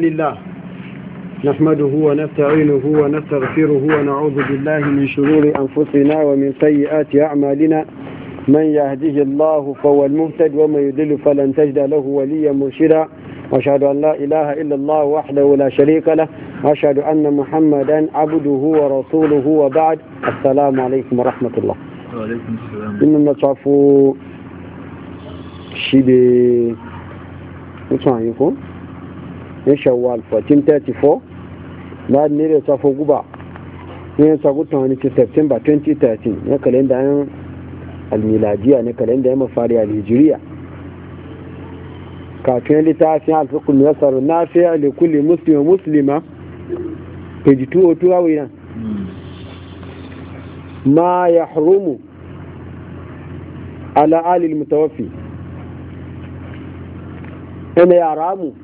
لله نحمده ونستعينه ونستغفره ونعوذ بالله من شرور أنفسنا ومن سيئات أعمالنا من يهده الله فهو المهتد ومن يضل فلن تجد له وليا مرشدا وأشهد أن لا إله إلا الله وحده لا شريك له وأشهد أن محمدا عبده ورسوله وبعد السلام عليكم ورحمة الله وعليكم السلام إنما تعفو شبه وتعيكم in shawwal 1434 na ne da safo guba ne gutan wani ci september 2013 na kalenda yan almiladiya ne kalenda yan mafari a nigeria kafin littafin alfikul nasarar na fiya da kulle muslima muslima page 202 a wuyan ma ya harumu ala alil mutawafi ina ya ramu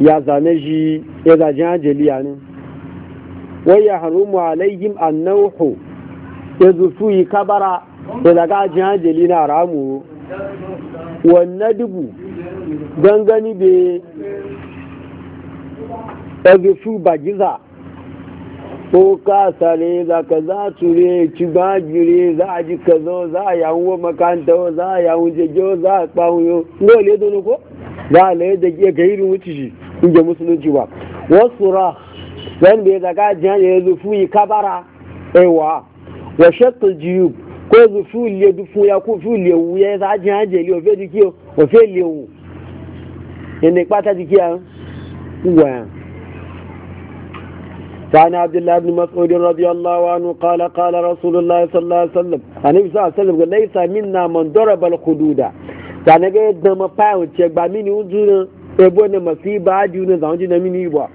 ya zane shi ya zajen ya ne wai ya harumu alaihim annauhu ya zufu yi kabara ya daga ajin ajali na ramu wannan dubu don gani be ya zufu bagiza ko ka sare za ka za ture ci jire za a ji ka zo za a yawon makanta za a yawon jejo za a kpawon yau dole ya zo ko za a laye da ke ga irin wuce shi inda musulunci ba wasu ra wani bai daga jiyan ya zufu yi kabara ewa wa shakil jiyu ko ya zufu liya dufu ya ko fi liya wu ya za jiyan jeli o jiki o liya wu yana ipata jiki ya ngwa ya فعن عبد الله بن مسعود رضي الله عنه قال قال رسول الله صلى الله عليه وسلم النبي صلى الله عليه وسلم ليس منا من ضرب الخدود فانا قاعد ما باوت يا بامين ebo ne mafi ba di ne zan ji na mini ba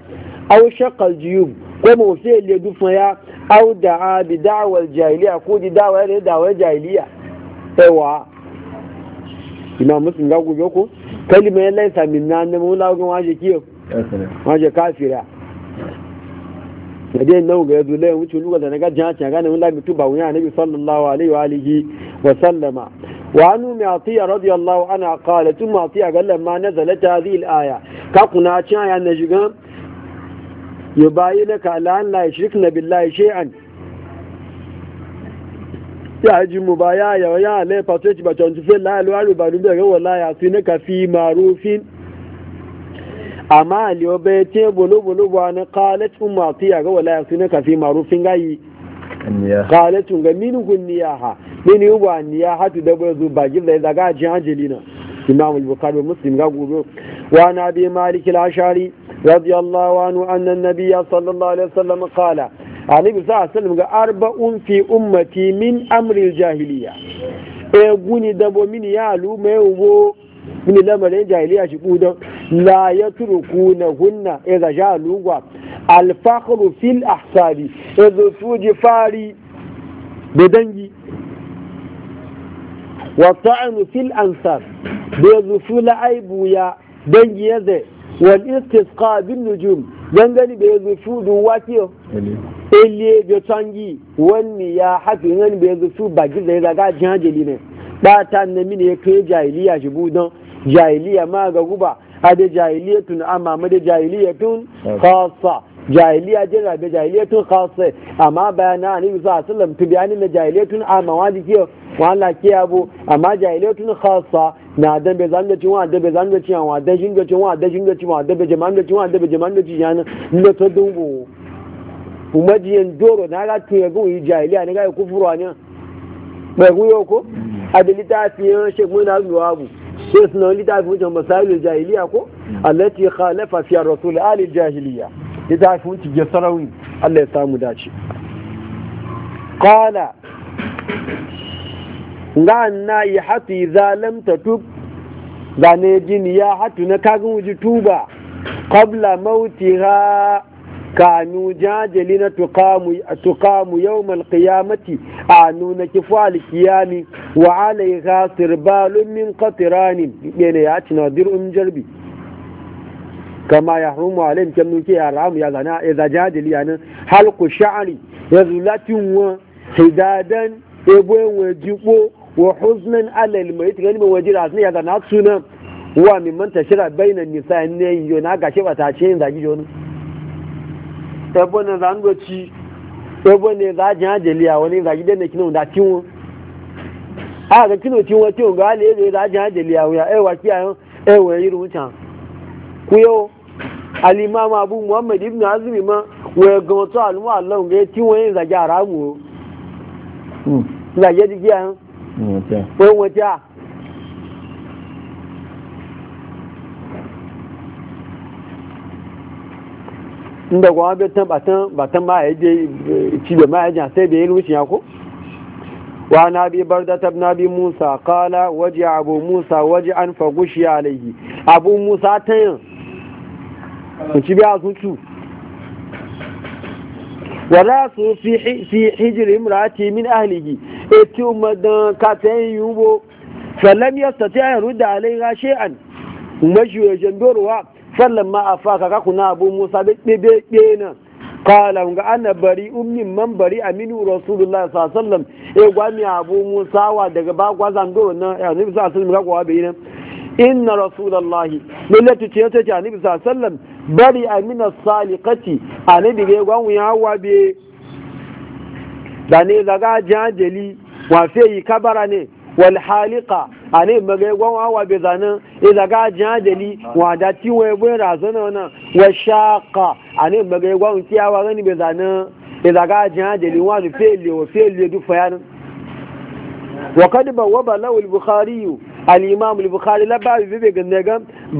au shakal jiyu ko ma wasu le dufa ya au da da'a bi da'wal jahiliya ko di dawal ne da'wa jahiliya ewa ina musu ga gobe ko kalima ya laisa minna na mu la ga waje kiyo waje kafira da nan ga yazo lai wuce lugar da na gajin hacin gane wani lamitu ba wuya bi sallallahu alaihi wa alihi wa sallama وعنه معطية رضي الله عنها قالت ثم معطية قال لما نزلت هذه الآية كاكنا تشايا نجيغا يباينك على أن لا يشركن بالله شيئا ya ji mu ba ya yawa ya alai fatuwa ci bacon tufe lalu alu ba dubi ga wala ya na kafi marufin amma aliyo bai ce ba na kalatun masu ya ga wala ya na kafi marufin gayi kalatun ga minhun niyaha mini ugwa ni ya hatu da bai zo ba gilla da zaga ji angelina imam al-bukhari wa muslim ga gobe wa na bi malik al-ashari radiyallahu anhu anna an nabiy sallallahu alaihi wasallam qala ani bi alaihi sallam ga arba'un fi ummati min amri al-jahiliya e guni bo mini ya lu mai ubo mini lamarin jahiliya shi don la na hunna e ga ja lugwa al-fakhru fil ahsabi e zo tuji fari da dangi wa ta'anu fil ansab da zufu la aibu ya dangi ya zai wal istisqa bin nujum dangane da zufu duwa kiyo ele bi tangi wani ya hafi ngani bi zufu bagi zai daga janjeli ne ba ta na mini ya kai jahiliya shi budan jahiliya ma ga guba jahiliya tun amma ma da jahiliya tun khassa jahiliya jin rabe tun khassa amma bayana a ne bisa sallam tibiyani na tun amma wadi kiyo wala ke abu amma jahilatun khassa na dan be zan gaci wa dan be zan gaci wa dan shin gaci wa dan shin gaci wa dan be jama'an gaci wa dan be jama'an gaci yana ne to dungu kuma jiyan doro na ga tuye gun yi jahiliya ne ga kufuru ne bai guyo ko adilita adalita fiye shek mun azuwa abu sai suna wani littafi wajen masalin jahiliya ko allati khalafa fi ar rasul ali jahiliya littafi wuce ga sarawi Allah ya samu dace qala nga na yi hatu idza tub ga ne jin ya hatu na kagin wuji tuba qabla mautiha kanu jajali na tuqamu tuqamu yawm alqiyamati anu na kifal kiyami wa alaiha sirbalun min qatirani bene ya na dir'un jarbi kama ya rumu alai kam nuke ya ramu ya zana ya zajajali yana halku sha'ari ya zulatin wa hidadan ebo enwe jipo wa huznan alal mai ita kalmar waje da asini wa min man tashira nisa ne yo na ga ne na goci ebo ne za ji a wani zagi da ne kino da a ga kino tinwo ga ale ne za ji hajjali a wuya ewa e ewa yi rumucan ku abu muhammad ibn azumi ma wee ga yin a ramu o ya ji wọ́n wọ́n já inda kuma bai tan batan batan ma ya je eh, cibe ma ya jan sai bai rushin ya ko wa na bi barda ta na bi musa kala waje abu musa waje an fagushi alaihi abu musa ta yin ci biya sun cu wala su fi hijiri imrati min ahlihi eti umadan katayin yubo falam yastati an rudda alaiha shay'an umashu jandorwa sallan ma afaka ka kuna abu musa bebe na qala ga ana bari ummin man bari aminu rasulullah sallallahu alaihi wasallam e abu musa daga ba gwazan do na ya e nabi sallallahu alaihi wasallam ga inna rasulullahi millatu ce ta ce annabi sallam bari amina saliqati annabi ga gwan ya hawa be da ne daga jajeli wa fe yi kabara ne wal haliqa ane maga gwan hawa be zanan e daga jajeli wa da ti we bu razana wana wa shaqa ane maga gwan ti hawa gani be zanan e daga jajeli wa fe le wa fe le du fayan وقد بوب له البخاري al-imam al-bukhari babu bibe ganne ga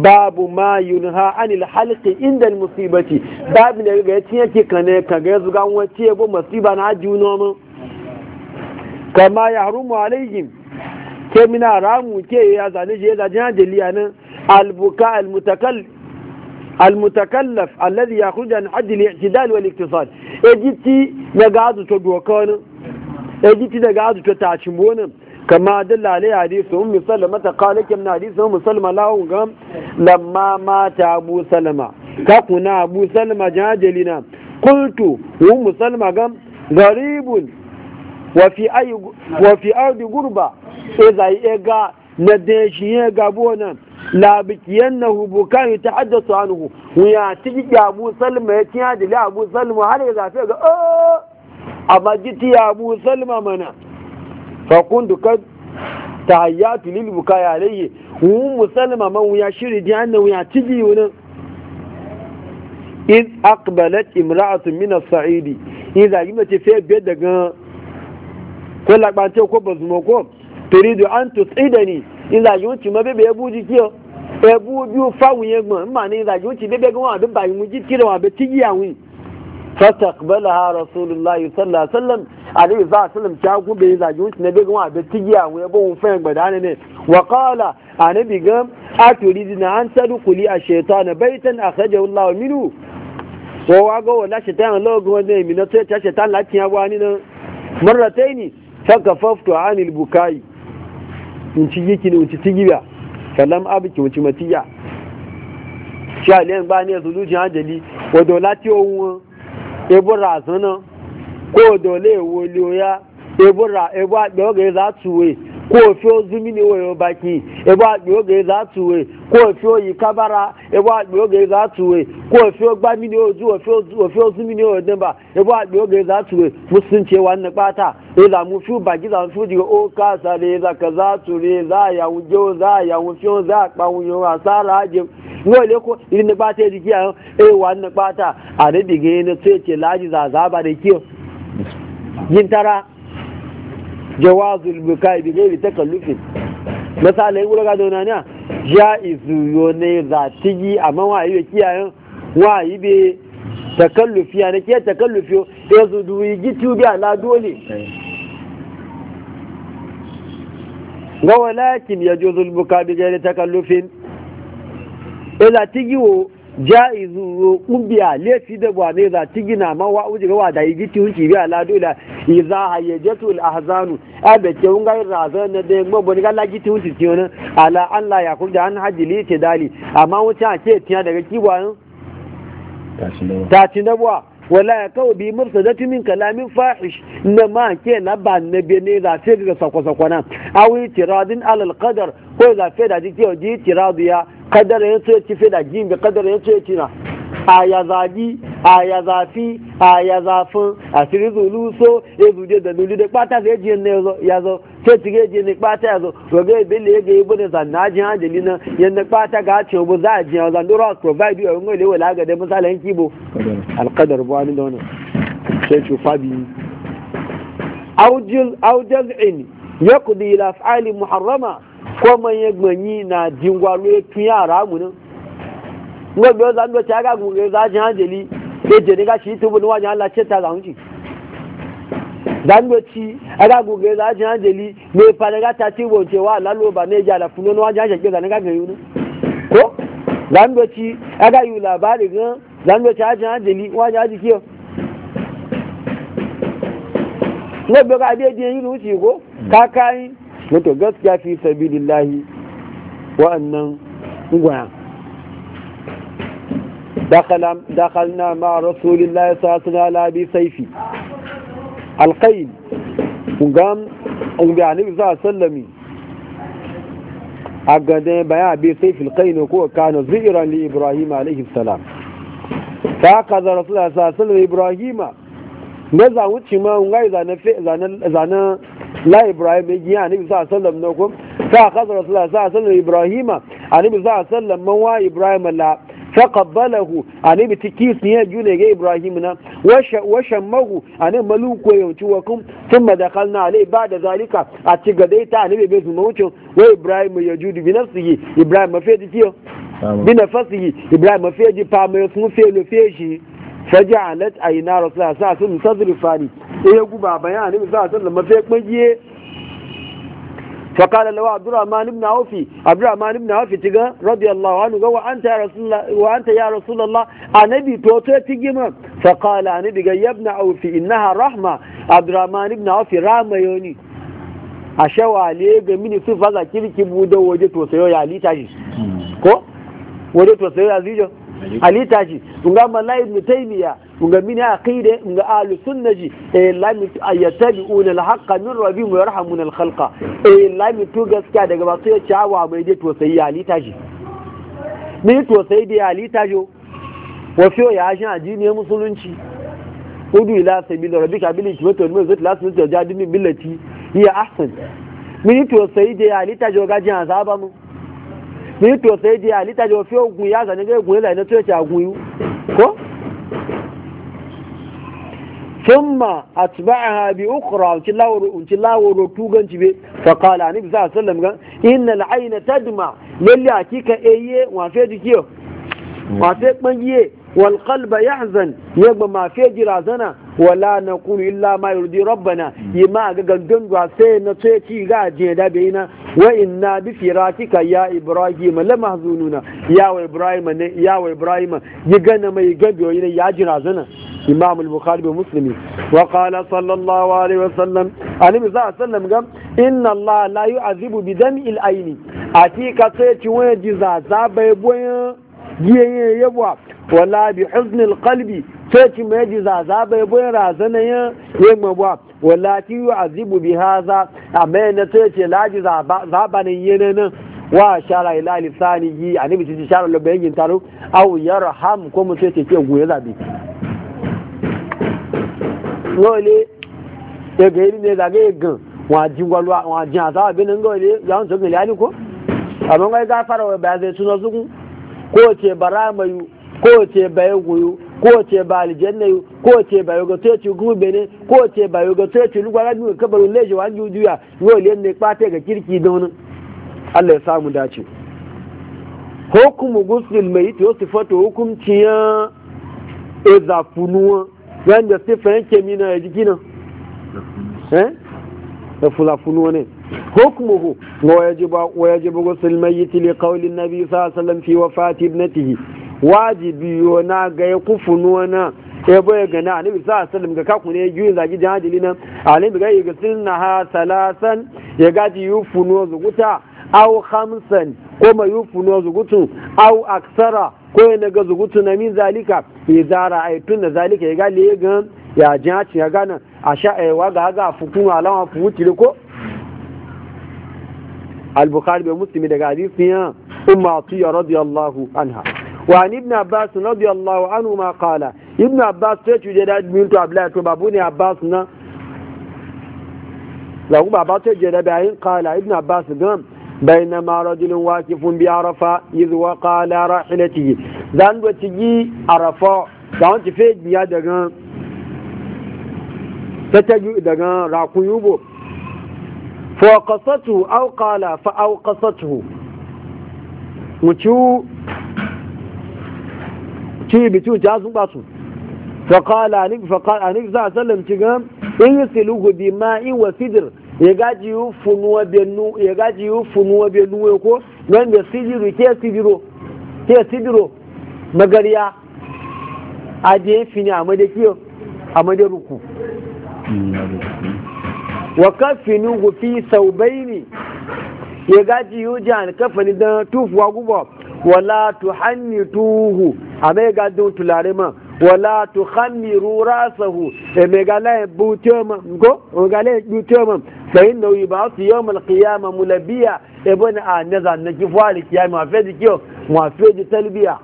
babu ma yunha anil halqi inda al babu ne ga yace yake kaga yanzu ga wace bo musiba na juno mu kama yahrumu alaihim ke mina ramu ke ya zane je da jan daliya nan al-buka al-mutakallif المتكلف الذي يخرج عن حد الاعتدال والاقتصاد اجيتي نغازو تو دوكان اجيتي نغازو تو كما دل عليه حديث أم سلمة قالت من حديث أم سلمة لا قام لما مات أبو سلمة كقنا أبو سلمة جاجلنا قلت أم سلمة قام غريب وفي أي وفي أرض غربة إذا إيجا ندشي قابونا بونا لا بكينه بكاء يتحدث عنه ويا تجي Abu سلمة ya tiya da Abu Salma har ya zafi سلمة منا fakundu kad tahayyatu lil bukaya alayhi wu musalma man ya shiri di annan ya tibi wani in aqbalat imra'atun min as Sa'id, in da gima ce fe be daga ko lagbante ko bazumo ko turidu an tusidani in da yunci ma be be buji kiyo e bu bi fa wuye gbon ma ni da yunci be be gan wa be bayin mu ji kire wa be tigi yawin fastaqbalaha rasulullahi sallallahu alaihi wasallam alayhi za sallam ta gube yin zagi wuce na begun abin tigiya wa yabo wun fayin gbada ne ne wa kala a na bigan a na an sadu kuli a shaitan baitan a kaje wula wa minu wa wago wala shaitan logo wanda ya mina sai ta shaitan lafiya wa ni nan marratai ne saka fafto a anil bukai in ci yiki ne in ci tigiya salam abiki wuce matiya shi alayin ba ne su zuciya hanjali wadda wala ciwon wọn ebo razana ko dole woliyo ya ebura ebu agbe oge za tuwe ko fi ozu mini wayo baki ebu agbe oge za tuwe ko fi oyi kabara ebu agbe oge za tuwe ko fi ogba mini ozu ofi ozu mini oyo dimba ebu agbe oge za tuwe musulunci wa nne kpata ila mu fi baki za fi diga o ka sare za ka za ture za ya wuje o za ya asara aje nne kpata e nne kpata a da diga ne tsaye ce za yin tara jawazul bukai bi gairi takallufin misalai wuri ga dona ne ya izu yo ne za ti yi amma wa yi kiyayen wa yi be takallufi ya ne ke takallufi ya zu duyi gitu bi ala dole ga walakin ya juzul bukai bi gairi takallufin e ti yi wo jaizu ubiya lefi da ne za ti gina ma wa uji gawa da yi giti hunki biya lado da iza hayyajatu al-ahzanu a da ke un gai razan na da mo boni gala giti hunki ti ona ala Allah ya da an haji li dali amma wuta ke tiya daga kibwa ta ci da buwa? wala ya kawo bi da min kalamin fahish na ma ke na ba na be ne za ce ga sako-sako na awi tiradin alal kadar ko za fi da ji ke ji tiradu ya qadar ya ci fe da jin bi qadar ya ce ci na a ya zagi a ya zafi a ya zafin a siri zulu so ya e zuje da lulu da kpata sai eji ne ya zo ke sai ga eji ne kpata ya zo roga ga ebe le ga ibo e ne zanna ha hanjali na yadda kpata ga ce bu za a ha zan dora provide yawon gole wala ga da misalin kibo alkadar bu wani da wani sai cufa biyu aujaz'in ya kudi ila fa'ali muharrama ko man ya gbanyi na jingwalo ya tun yara mu nan ngo biyo za ngo taga ku ga za jan jeli ke je ne ga shi tubu ni wani Allah ce ta za hunji dan go ci aga ku ga za jan jeli me fa daga ta ti wonce wa Allah lo ba ne ja da funo ni wani jan ke ga ne ga ga yunu ko dan go ci aga yu labari gan dan go ta jan jeli wani aji kiyo ngo biyo ga dai dai yunu ci ko kakai mutu gaskiya fi sabilillahi wa'annan gwaya دخلنا مع رسول الله صلى الله عليه وسلم على أبي سيفي القيل وقام وقام عليه صلى الله عليه وسلم أقدم بيع أبي سيف القيل وكو كان زئرا لإبراهيم عليه السلام فأخذ رسول الله صلى الله عليه وسلم إبراهيم نزع وشما وقاي زانا زانا لا إبراهيم يجي يعني صلى الله عليه وسلم نقوم فأخذ رسول الله صلى الله عليه وسلم إبراهيم عليه الصلاة والسلام موا إبراهيم الله faqabbalahu ani bi tikis ne june ga ibrahim na wa shammahu ani maluko yauci wa kun thumma na alai ba da zalika a ci gadaita ani be su mawucin wa ibrahim ya judu bi nafsihi ibrahim mafi ji kiyo bi nafsihi ibrahim mafi ji pa mai sun fe lo fe shi faja'alat ayna rasul sa sun sadri fani e guba bayani sa sun mafi kpagiye فقال له عبد الرحمن بن عوف عبد الرحمن بن عوف تيغا رضي الله عنه قال وانت يا رسول الله وانت يا رسول الله انبي توتو تيغما فقال انبي يا ابن عوف انها رحمه عبد الرحمن بن عوف رحمه يوني اشوا عليه جميل في sun كيركي بودو وجه توسيو يا ليتاجي كو وجه توسيو يا زيجو halitta ji nga malai ibn taymiya nga min aqida nga ahlu sunna ji eh la mi ayatabi'una unal haqqa min rabbihim wa yarhamuna al-khalqa eh la mi to gaskiya daga ba sai ciyawa mai je to sai halitta ji ni to sai dai halitta jo wafiyo ya shi ne musulunci udu ila sabila rabbika bil hikmati zai lasu la jadi min billati hiya ahsan min to sai dai halitta jo gajin azaba mu ní tòsí di àlítàjọ fi ogun ìyá àgbà nígbà ogun ìlànà tó ẹ̀ṣẹ̀ agun yìí kó. thumma atba'aha bi ukhra unti lawru unti lawru tugan jibe fa gan inna al-ayna tadma lalla والقلب يحزن يغما ما في جرازنا ولا نقول الا ما يرضي ربنا يما غغن غوا سي نتشي غاجي دا بينا وإنا بفراتك يا إبراهيم لمحزونون يا إبراهيم يا إبراهيم يغنا ما يغبيو يا جرازنا إمام البخاري ومسلم وقال صلى الله عليه وسلم عليه الصلاة والسلام قال إن الله لا يعذب بدم العين أتيك تشي وين جزازا بيبوين يبوا wala bi huznil qalbi sai ki mai ji zaza bai bai razana ya yin mabuwa wala ki yu azibu bi haza amma na sai ce laji zabanin yana nan wa shara ila lisanihi annabi ce shara lobayin yin taro aw yarham ko mu sai ce ke goye zabi lole e ga ne zage gan wa jingwalwa wa jin azaba binin gole ya on so gele ali ko abon ga fara wa ba zai tuno zuku ko ce bara mayu kowace bayan goyo kowace ba aljanna yi kowace ba yoga to ci gube ne kowace ba yoga to ci lugwa ga duka kabarin leje wa juya yo le ne kwate ga kirki da wani Allah ya samu dace hukumu gusul mai to sifatu hukumci ya eza funuwa yanda sifan yake mina ya jiki na eh da fula funuwa ne حكمه ويجب ويجب غسل الميت لقول النبي صلى الله عليه وسلم في وفاة ابنته wajibi yo na ga ya kufunu na e boye ga na annabi sallallahu alaihi ga kaku ne yuyin zagi jahili nan annabi ga yi sunna ha salasan ya gaji yufunu zuguta aw khamsan ko ma yufunu zugutu aw aksara ko ya ga zugutu na min zalika a yi na zalika ya ga le ga ya jaci ya gana a sha'ewa eh, ga ga fukun alama fuwuci ko al-bukhari bai muslimi daga hadisi ya umma atiya radiyallahu anha Wa ni Ibn Abasu na biya ma kala? Ibn Abasu ta yi da yadda yadda yanzu a bila yanzu ba bu ni Abasu na? Za ku ba Abasu ta da yin kala a Ibn Abasu gan? Bani na mara dulin bi arafa yi zuwa kalar kala ciki? Za ni do ciki arafa da an ci fai biya daga Teta Yudi daga Raku Yubu? Fo a ƙasar tu au fa a ƙasar tu? ki bi ci ja sun basu fa qala ani fa qala ani za sallam ci gam in yusiluhu ma in wa sidr ya gaji yu funuwa benu ya gaji yu funuwa benu ko nan da sidiru ke sidiro ke sidiro magariya a je fini a made kiyo a made ruku wa kafinu fi saubaini ya gaji yu jan kafani dan tufuwa gubo wala tu tuhannituhu ame ga dun tulare ma wala tu tukhammiru E ame ga la butyo ma ngo o ga la butyo ma fa inna yub'athu yawm al-qiyamah mulabiya e bon a naza na ki fwali kiyama ma di kiyo wa fe di talbiya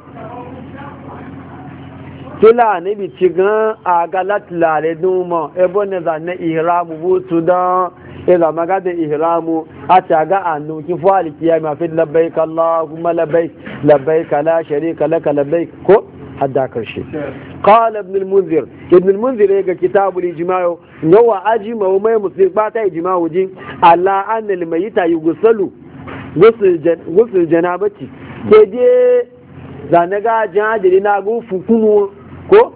tula ne bi cigan a ga la tulare dun ma e bon naza na ihramu butu dan ila maga da ihramu a taga annu ki fa alkiyama fi labbaik allahumma labbaik labbaik la sharika laka labbaik ko hadda karshe qala ibn al-munzir ibn al-munzir ga kitabul ijma'u yawa ajima wa mai muslim ba ta ijma'u jin ala anna al-mayyita yughsalu ghusl janabati ke je zanaga jajiri na gufu kunu ko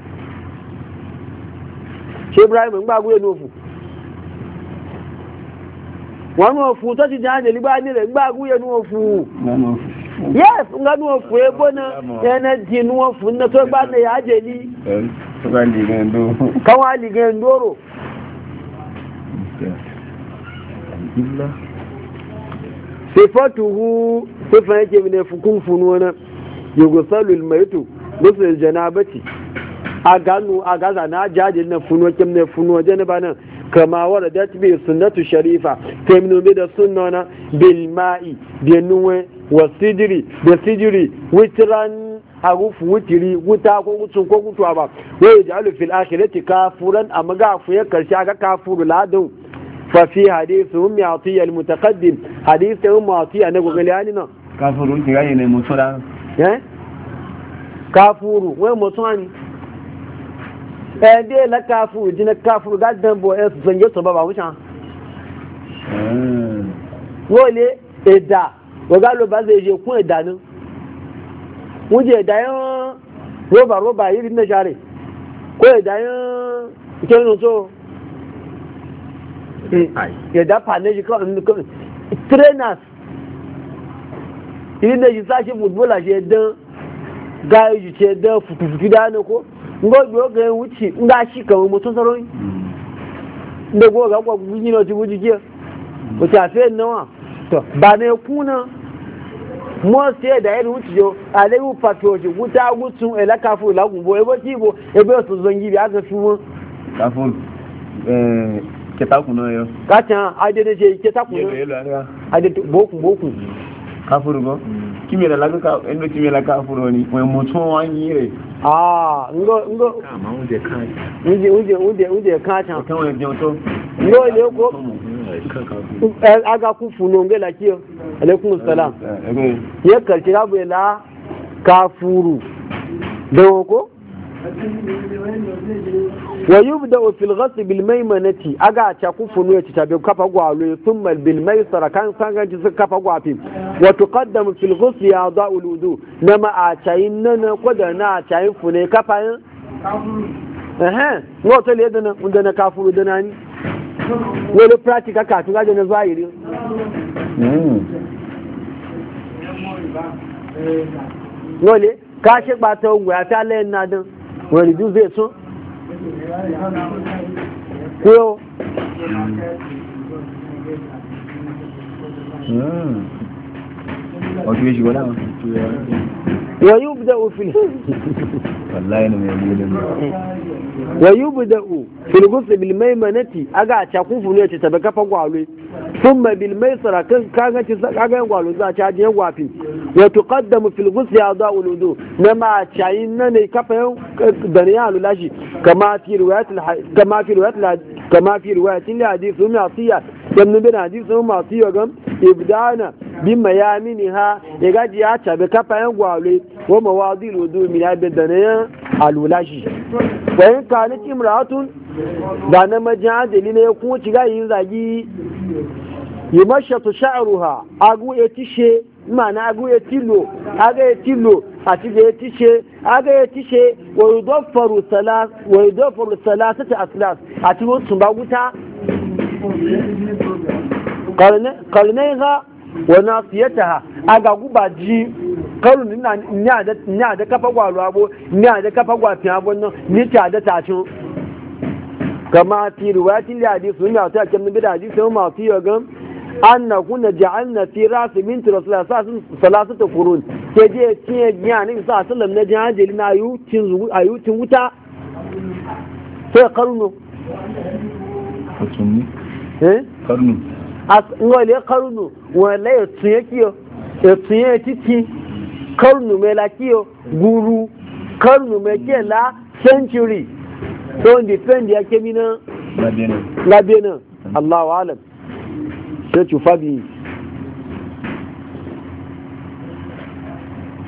ṣe ibrahim ń gbàgbé ní òfù wọn ní òfù tó ti jẹ́ àjẹ́ nígbà nílẹ̀ gbàgbé ní òfù yes nga ní òfù ebó na ẹnẹ di ní òfù ní tó gbá ní àjẹ́ ní káwọn àlìgẹ̀ ń dóró sifan yake mine fukun funuwa na a gano a gaza na jajin na funo kim na funo je ne bana kama wadda dat bi sunnatu sharifa kemno bi da sunnona bil ma'i bi nuwe wa sidri da sidri witran harufu wutiri wuta ko wutsun ko gutuwa ba wai da alu fil akhirati kafuran amma ga fu ya karshe ga kafuru ladun fa fi hadithu ummi atiya al mutaqaddim yi ummi atiya ne gogali ani no kafuru ki yi ne ya yi eh kafuru wai mutsuran ẹ̀ẹ́dẹ́ lẹ́kàáfù ìdínà káfù gádẹ́mbò ẹ̀sùn sọ yóò sọ̀bọ̀ bàwúṣà wọ́n lé ẹ̀dà ọ̀gá ló bá ṣe ṣe kún ẹ̀dà ní wọ́n jẹ́ ẹ̀dà yẹn rọ́bà rọ́bà yìí rí mẹ́ṣà rẹ̀ kó ẹ̀dà yẹn kẹ́rin tó ẹ̀dà pàlẹ́jì trainers yìí lè ṣe sáṣẹ́ fútbọ́ọ̀lù àṣẹ dán gáyé jù ṣe dán fùtùfùtù dáná ko. ngoji oge wuce nga shi kawai mutum sarori da gowa ga kwa gugu na jibu jikiya wuce a fiye nawa to ba na ya kuna most ya da yadda wuce jo alayu patoji wuta gutsun elakafu lagunbo ebo tibo ebe otu zongi bi aka fi wọn kafin ketakun náà yọ káàkiri adédéjé ketakun náà adédéjé bókun bókun kafin rúgbọ́n kimi da laguka inda kimi ni re ah ngo ngo uje uje uje ngo le ko eh, aga ku funo nge eh, eh, la kiyo alaikum wa yi yubda bilmai ghasl bil maimanati aga ta kufunu ya tabe kafa gwalo thumma bil maisara kan sanganci sun kafa gwafi wa tuqaddam fil ghasl ya da'ul wudu nama a tayin nan ko da na tayin fune kafa yin eh no to le dana unda na kafu na ni wele practica ka tun ga na zahiri wole ka ṣe gbàtọ̀ ògùn àti alẹ́ ẹ̀nà dán wani duk zai so ko hmm. wato ya shigo dama wa yubda'u fil wallahi ne mai yi da wa yubda'u fil ghusl bil maymanati aga ta kufu ne ta baka fa gwalo thumma bil maysara kan kaga ci kaga gwalo za ta je gwafi wa tuqaddamu fil ghusl a'da'u wudu na ma chayin nan ne kafa yau da ne alu lashi kama fi riwayat kama fi riwayat kama fi riwayat al asiya sannu bin hadisi sun masu yogan ibdana bin mayamini ha ya gaji ya cabe kafa yan gwale wa mawazi lodu min ya bidda na yan alulashi wayan kani kimratun da na majin adali ne kuma ci ga yin zagi yi mashatu sha'aruha agu ya tishe mana agu ya tilo aga ya tilo a ci da ya tishe aga ya tishe wa yudoffaru salas wa yudoffaru salasati aslas a ci wasu ba wuta karnaiha wa nasiyataha aga guba ji karu ni a da kafa gwa ruwabo ni a da kafa gwa fiya bonno ni ta da kama fi riwayatin da hadisi ne ta kan bi da hadisi ma fi yagan anna kunna ja'alna fi ras min rasul salasata qurun ke je tiye ya ne sa sallam na jahili na yutin zu ayutin wuta sai Eh? karnu ngole karnu wala yotunye kiyo yotunye titi karnu mela kiyo guru karnu mai mekela century don defend ya kemi na labe na mm-hmm. Allah wa alam sai cufa biyu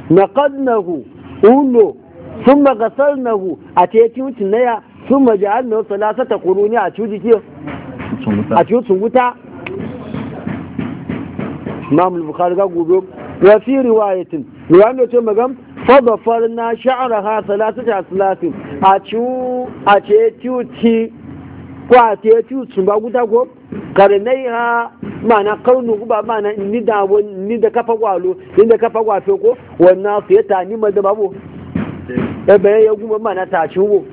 na kadnahu ulo sun magasar nahu a teku tunaya sun maja'al na wasu lasata kuruni a cuji kiyo a cikin wuta wuta imam bukhari ga gobe wa fi riwayatin riwayatin da ce magan fadafar na sha'ara ha salatu ta salatu a ci a ce tiuti ko a ce tiuti ba guda ko karnai ha mana kaunu guba mana ni da ni da kafa gwalo ni da kafa gwafe ko wannan su ya tani ma da babu eh. ebe ya guba mana ta ci wo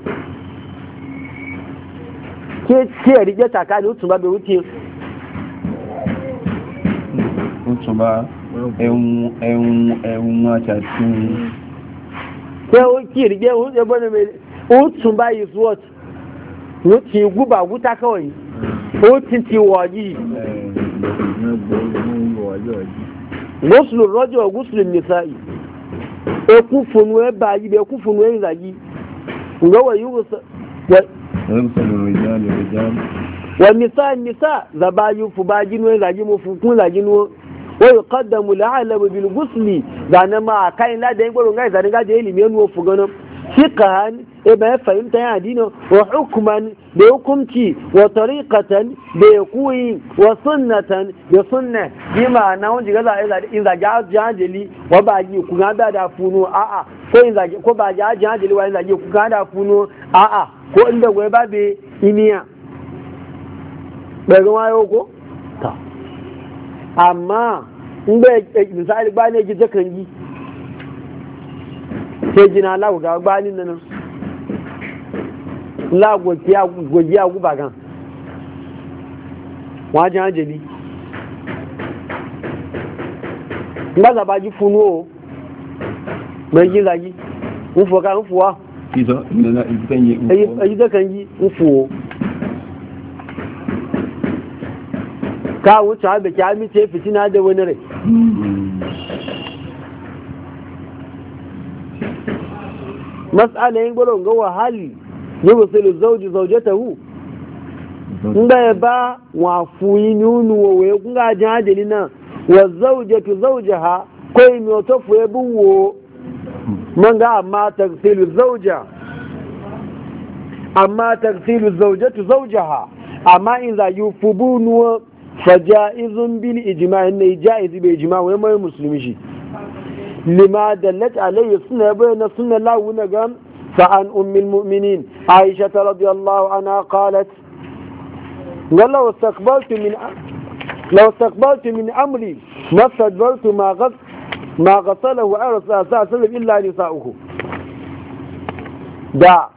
tí ẹ̀rí jẹ́ tàkà ní òtùnbá bẹ̀rù tí ó òtùnbá ẹ̀hùn àtàtún tí ẹ̀rí jẹ́ òtùnbá is what ó ti gúbà gúta kọ́ọ̀yí ó ti ti wọ̀ yìí gúúsùlù rọ́jọ̀ gúúsùlù nìsa yìí ekú funu ẹ̀ bá yìí ekú funu ẹ̀ ìlà yìí ǹgọ́wọ̀ yìí wọ́n wa nisa nisa zabayu fu ba jinuwa zagi mu fu kun zagi nuwa wa yuqaddamu la'alamu bil ghusli zana ma kai la da ngoro ngai zani ga je ilimi nuwa fu gano fiqhan e ba fahimta ya dino wa hukman da hukumci wa tariqatan da da sunna yi ma'ana ko inda gwai ba bai imiya bai gama yau ko ta amma in bai misali ba ne gije kan gi sai jina lagu ga gbanin nan lagu gwaji a guba gan wajen ajali ba za ba ji funo o mai gizagi nfuwa ka nfuwa ayi zakan yi ufuwo ka wuce haɓe ki amince fitina da wani rai matsala yin gwaron ga wahali yi wasu zauji zauje ta hu ya ba wa fuyi nunu wa waye kunga ajin hajjali nan wa zauje tu zauje ha kai mi otofu ya bin wo man ga amma tagsilu zauja amma tagsilu zaujatu zaujaha in za yi fubunuwa faja'izun bil ijma inna jaizi bai ijma wai mai musulmi shi lima dallat alayhi sunna bayna sunna lahu na gam fa an ummil mu'minin aisha ta anha qalat qala min law استقبلت من أمري ما استدبرت ما غفت ma gasalahu an rasulullah sallallahu alaihi wasallam illa nisa'uhu da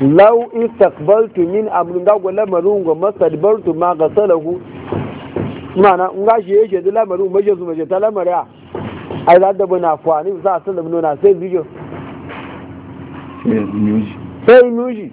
law istaqbaltu min amrin da gwala marun go masadbartu ma gasalahu mana in ga shi yake da lamarin maje su maje ta a ai za da bana fani a sallam nuna sai bijo sai nuji sai nuji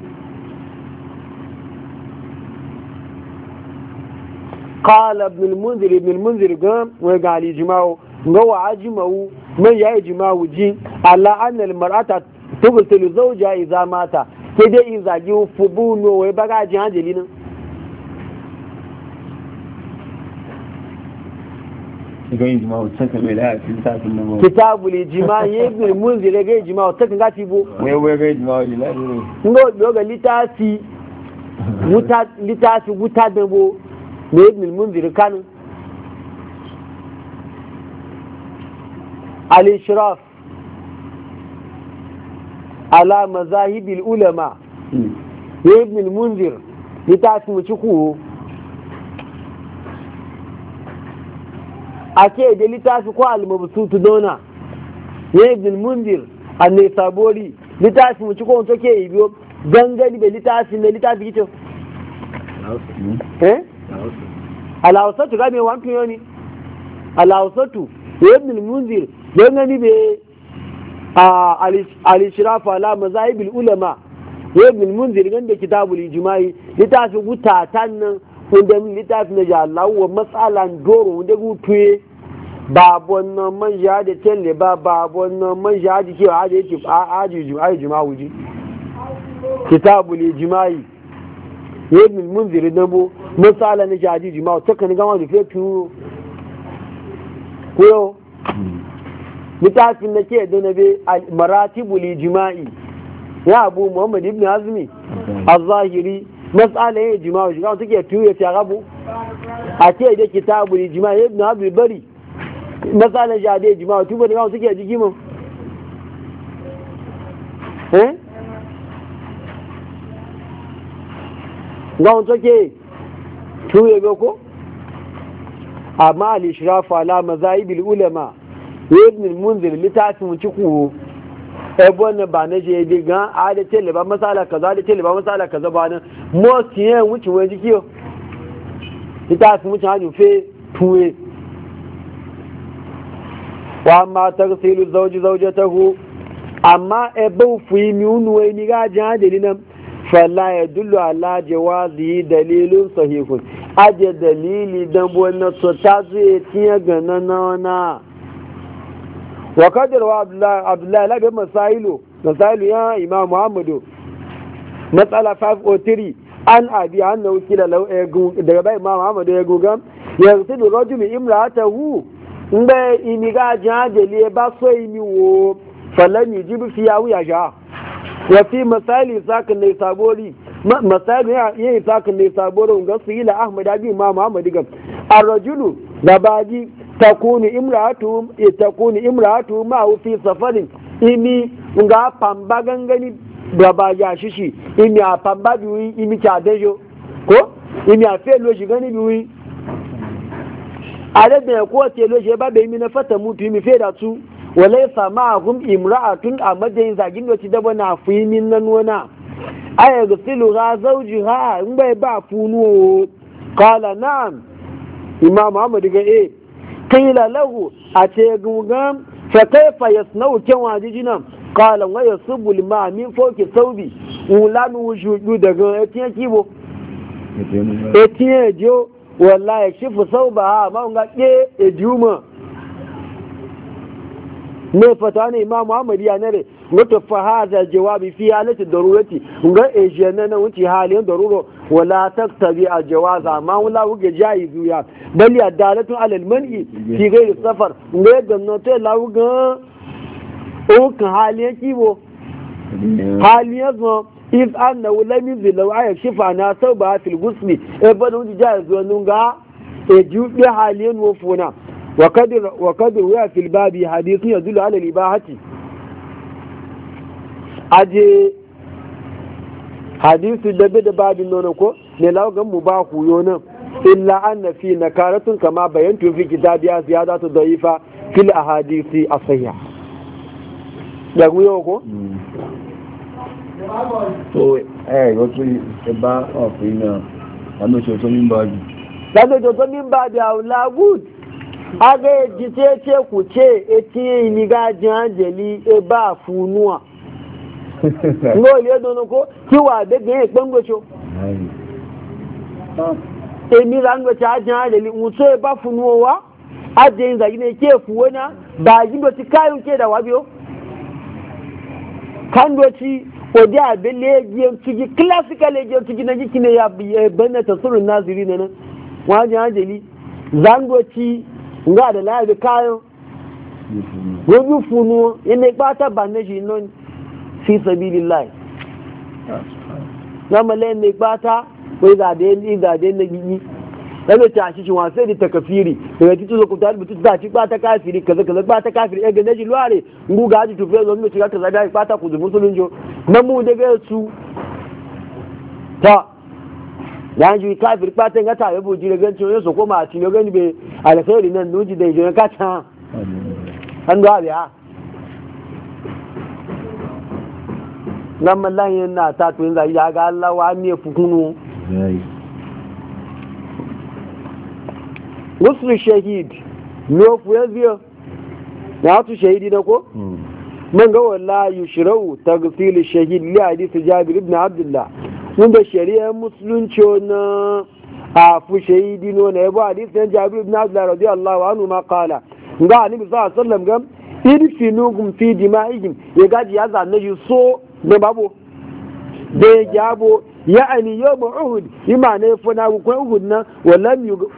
قال ابن المنذر ابن المنذر قام وقال يجمعه هو عجمه من يجمعه جي على أن المرأة تقتل زوجها إذا مات كده إذا جيو فبونه ويبقى جهان جلينا kitabu lijima ya ibn munzir ya ga ijima wata kan gafi bo wai ga ijima wa ilahi ne ngo ga litasi wuta litasi da ibn al-munzir kanu al-ishraf ala mazahib al-ulama da ibn al-munzir litafi mu ci kuwo ake da litafi ko al-mabsutu dona ya ibn al-munzir annai sabori litafi mu ci ko to ke ibiyo gangani be litafi na, litafi gito. eh alhausatu ga mai wankin yoni alhausatu da ibn munzir don gani be a alishirafa ala mazahibul ulama ya ibn munzir ganda kitabul ijma'i littafi ta nan wanda min littafi na wa matsalan doro wanda gutuye babon nan man jihadi ba babon nan man jihadi ke aje yake aje juma'ai juma'u ji kitabul ijma'i ya ibn munzir bo misali na jaji jima ta kan gama da fiye turo koyo littafin da ke da na bi maratibul jima'i ya abu muhammad ibn azmi a zahiri masala ya jima'i shiga wata ke turo ya fiye a ce da kitabul jima'i ibn azmi bari masala jaji ya jima'i tuba da wata ke jigi mu eh gawon take tuye ga ko amma shirafa ishrafu ala bil ulama ibn munzir littafin mu kuwo? ebe na ba na je yadda gan a da tele ba masala kaza da tele ba masala kaza ba nan mosti tiye wuce wani jiki jikiyo litafin mu cikin fe tuye wa ma zauje ta hu amma ebe yi mi unuwe ni gajin jan dalilin fallaye ya dullu ala jawazi dalilun sahihun aje dalili don wani ta zuwa tiye gana na wana wa kadarwa abdullahi labe masailu masailu ya imam muhammadu matsala 503 an abi an na wukila daga bai imam muhammadu ya gugan yanzu da imra ta hu in bai imi ajiyar ajali ba so imi wo falani jibi fiya wuya ja وفي مثال ساكن نيسابوري مثال يي ساكن نيسابوري ونغا سيلا احمد ابي امام احمد غم الرجل غباجي تكون امراته تكون امراته ما في سفر imi nga pamba gangani baba ya shishi imi a pamba biwi imi chadejo ko imi a fe loji gani biwi a da ko te loji ba be imi na fata mutu imi fe da tu walai sama a hum imra'atun a majayin zagin da ci daba na fuhimin nan wana a ya silu ha zauji ha in bai ba funuwo kala na'am imam ahmad ga e qila lahu a ce gungam fa kaifa yasna'u kan wajijinan kala wa yasubu lima min fawki saubi ulanu shudu daga etiyan kibo etiyan ejo wallahi shifu sauba ha ma nga ke eh, ejuma ne fata ne ma Muhammadu ya nare wata fahaza hadha jawabi fi halati darurati ga ejena na wuce halin daruro wala tabi a jawaza ma wula wuge jayi zuya bali a dalatun alalmani man'i fi ghairi safar ne ga note lawuga o kan halin kibo halin zuwa if annahu zila wa law shifa na sau ba fil gusli e bada wuce zuwa nunga e juɗe halin wofuna wakadu wa filibabi hadisun ya zula ala liba haki aje hadisun dabe da babin nonon ko ne laugan mu ba ku yonan illa an na fi na karatun kama bayan tufi gida biya ziyada a hadisi a sayya da ku yau ko? so eh wato ba a fi na wani shoto min babi lagos shoto min babi a aga eji cheche kwuche etinye iniga ji anjeli ebe a funua nga oli edonoko ti wa bege ekpe ngocho ah, emi ra ngocho aji anjeli nwuso ebe a funua wa aje nza gina eke efuwe na ba jibo ti kayi uche da wabio kandochi odi abele eji entugi classical eji entugi na jikine ya eh, bane tasuru naziri na na wa aji anjeli zangochi ngbe nga da labi kayo gobi funu yana gbata ba meji shi non fi sabilillah gama lai mai gbata wai zade yin zade na gigi zama ta shi shi wasu da takafiri daga titu zo kuta da ta ci gbata kafiri kaza kaza gbata kafiri ege neji shi luware ngu ga haji tufe zo mai shiga kaza ga gbata ku zubu sulunjo na mu daga su ta dan ju kafir patan ga tabe buji da gancin yau so koma ci yau gani be alkhairi nan nuji da jiran kacha an ga biya nan mallan yin na ta to yin zai ga Allah wa ne fukunu nusru shahid no fu na tu shahidi na ko hmm. man ga wallahi yushrau taghsil shahid li hadith jabir ibn abdullah inda shari'ar musulunci na a fushe yi dino na yabo hadisi na jabiru ibn Allah wa Anu ma kala ga annabi sallallahu alaihi wasallam gam idfinuhum fi dima'ihim ya gaji ya zanne shi so da babo da ya jabo ya ani yawm uhud na ne fana ko uhud na walam yu ah,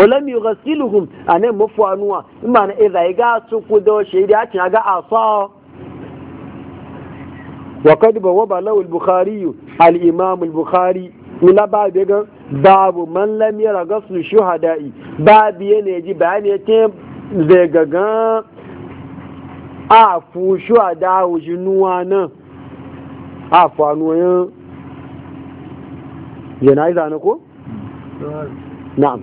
walam yughsiluhum anan mafanuwa ima ga su ku ga وقد بوب له البخاري الإمام البخاري ila ba daga babu man lam yara gasu shuhada'i babu yana ji bayani ya a fu shuhada wuji nuwa nan a fanuwa yana yi zane ko? na'am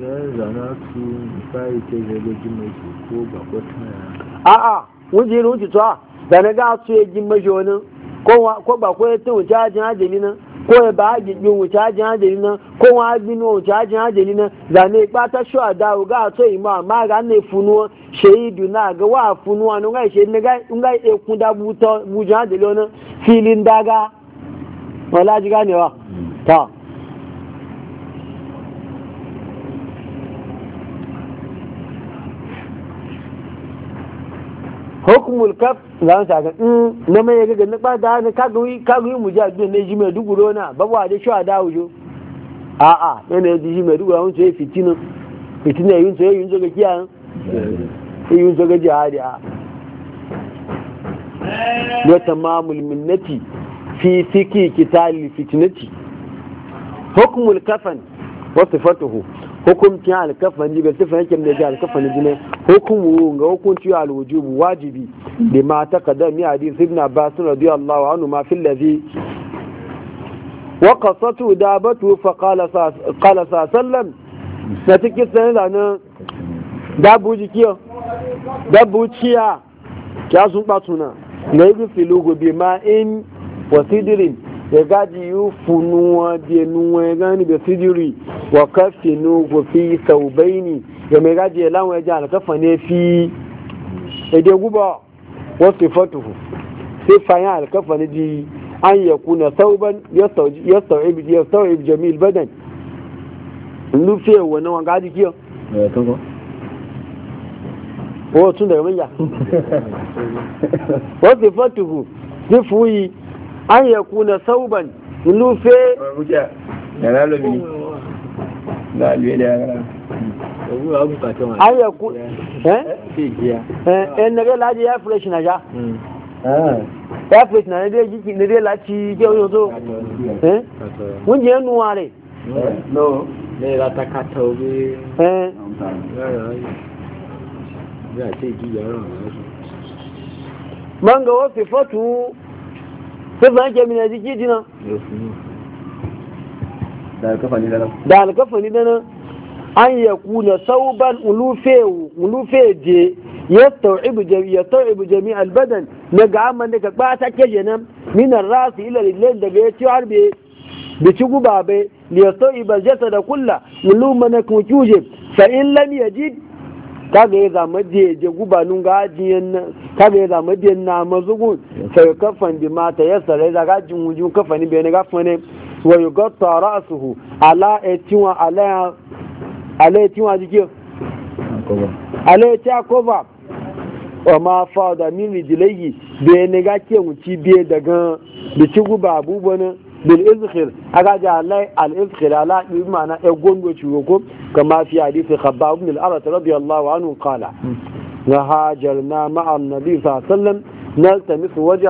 a a wuji yana tuwa da na ga su ya ji mashi wani ko ba ko yatin wuce ajin ajali na ko ya ba wuce ajin ko wuce ajin zane ipa shu ada ga so ima ama ga ne funuwa shaidu na aga wa funuwa no ga shaidu e ga hukumul kaf za mu saka in mm, na mai gaga na ba da na kaga wi kaga wi mujahidin ne ji mai duguro na babu a da shi a da wujo a a ne ne ji mai duguro mun sai fitina fitina yin sai yin zoga kiya yin zoga jihadi a wa tamamul minnati fi fiki kital fitnati hukumul kafan wa sifatuhu hukumkin alkafan ji ga sifan yake da alkafan ji ne hukumu ga hukunci alwujubu wajibi da ma ta kadar mi hadis ibn abbas radiyallahu anhu ma fil ladhi wa qasatu dabatu fa qala qala sallam na cikin sanin da nan dabu jikiyo dabu ciya ya sun batuna na yi filu gobe ma in wasidirin ya gaji yi funuwa biyanuwa ya gani da sidiri wa kafinu saubai ne. ga mai gaji ya lawan ya ji ne fi ide guba wasu fatuhu sai fayan alkafa ne ji an ya kuna sauban ya sau'ib jamil badan wani wanga gaji kiyo eh, tun wasu fatuhu sai fuyi an ya kuna sauban lufe na ya gara an ku eh na dai ya fresh na ja ya fresh na dai jiki na dai laji ke oyo to eh mun no ne la ta ka ki ya ran man ga da alkafani an ya kuna sauban ulufe je ya ta'ibu jami albadan na ga amman daga ɓata keje nan minan rasu ila lillahi daga ya ci harbe da ci guba bai da ya ta'iba jasa da kulla uluma na kujuje fa in lam ji kaga ya zama je je guba nun ga ajiyan nan kaga ya zama je na mazugun sai kafan bi mata ya sare za ga jin wujun kafani bai ne gafane wa gata ra'asuhu ala etinwa ala alaiti wa jike alaiti akoba wa ma fada min rijilayi da ya niga ke wuci biye daga da ci guba abubuwan bil izkhir aga ja alai al izkhir ala bi ma'ana ya gondo ciwo ko kama fi hadisi khabbab bin al-arat radiyallahu anhu qala na hajarna ma'a annabi sallallahu alaihi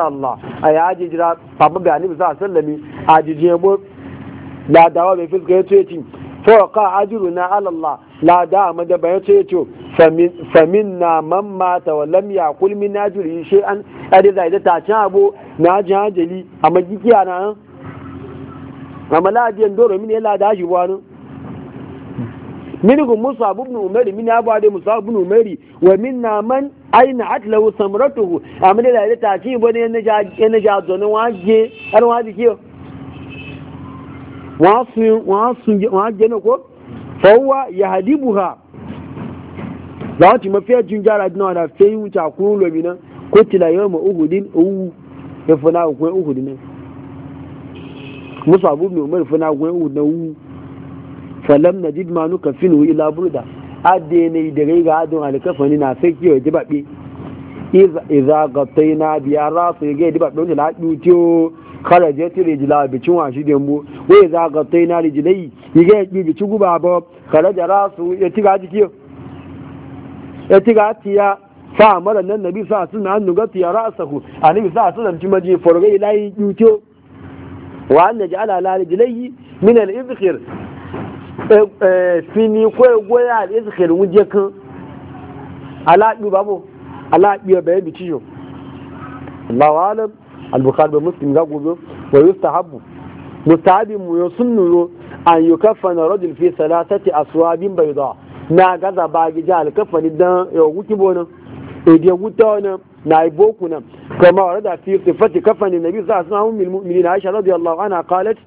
Allah fawaka ajiru na alallah la da amma da bayan ce yato famin na man mata wa lam ya kulmi na jiri shi an ade zai da tacin abu na ji hajjali a magikiya na nan amma ladiyan doro mini la da shi wani minhum musa ibn umar min abu ade musa ibn umar wa minna man aina atlahu samratuhu amma da da wọ́n jẹ́ náà kó fọwọ́ yàhálìbù ha láwọn tí mo fẹ́ jù jára dín náà fẹ́ yíwú tí àkúrú lómi náà kó tìlà yóò mọ̀ òhùdín owó ẹ̀fọ́ náà òkú òhùdín náà musu abubu ne umar fana gwen u na wu falam na jid manu ka finu ila burda adde ne da gai ga adon alkafani na sai kiyo dibabe iza gataina biya rasu ga dibabe wanda la dutiyo kharajat rijla bi cin washi dembo wai za ga taina rijlai yige bi ci guba ba kharaja rasu e e ya tiga jiki ya tiga tiya fa amara nan nabi sa sun an nuga tiya rasahu annabi sa sunna ci maji forgai layi yuto wa an ja'ala la rijlai min al-izkhir e, fini ko goya al-izkhir wuje kan ala du babo ala biya bayan bi ciyo Allahu alam al-bukhari da muslim ga gobe wa yustahabu mustahabi mu yo sunnu an yukaffana rajul fi salatati aswabin bayda na gaza ba gija alkafani dan ya wuki bonan idan wuta wannan na iboku nan kama warada fi sifati kafani nabi sallallahu alaihi wasallam min mu'minin aisha radiyallahu anha qalat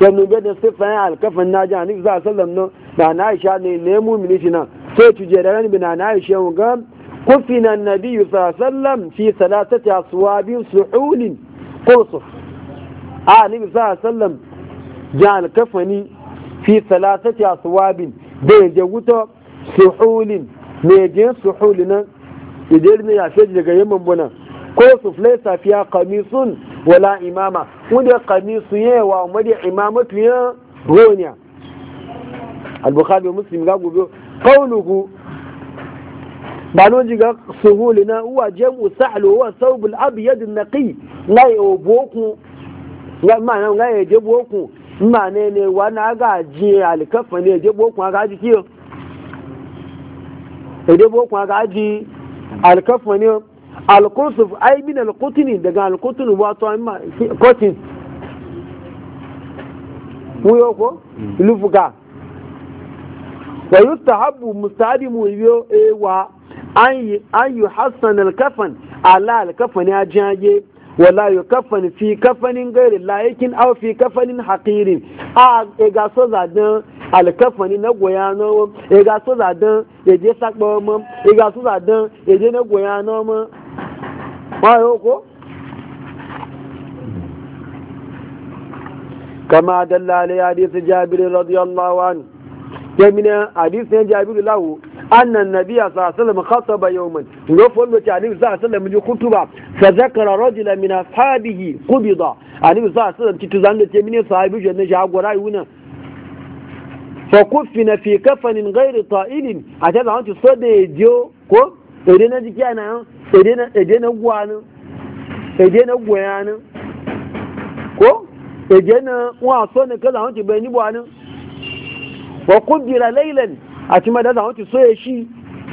yannu bai da sifa ya alkafan na ji hannu za a sallam nan da na aisha ne ne mumini shi nan sai tuje da rani na aisha ga كفن النبي صلى الله عليه وسلم في ثلاثة أصواب سحول قرصف آه النبي صلى الله عليه وسلم جعل كفني في ثلاثة أصواب بين جوتا سحول ميجين سحولنا idan daga yamman buna ko su flaisa kamisun wala imama wanda kamisu ya wa wanda imamatu ya roniya al-bukhari muslim ga gobe balo jiga suhuli na uwa jemu sa'lu wa saubul abyad naqi ngai oboku ngai mana ngai je boku mane ne wana ga ji alkafa ne je boku ga ji kiyo je boku ga ji alkafa ne alqusuf ay min alqutni daga alqutn wa to amma kotin wuyo ko hmm. lufuka wa yustahabu mustadimu yo ewa an yi hassan alkafan ala alkafan ya jage wala yi kafan fi kafanin gairi layakin au fi kafanin haƙirin a e ga so zaɗin alkafani na goyano e ga so zaɗin ya e je sakpa ma e ga so zaɗin ya e je na goyano ma yi ko kama dalla ala hadisi jabirin radiyallahu anhu yamina hadisi ya jabiru lahu annan nabiya sa sallam khataba yawman ngo fondo ta nabi sa sallam ji kutuba fa zakara rajula min ashabihi qubida anabi sa sallam ti tuzanda te mini sahabi je ne jagora yuna fa kufina fi kafanin ghairi ta'ilin ata da wanti sode jo ko ede na jikiya na ede na ede na gwanin ede na ko ede na wa wanti wa kubbira lailan a cikin da zama ti soye shi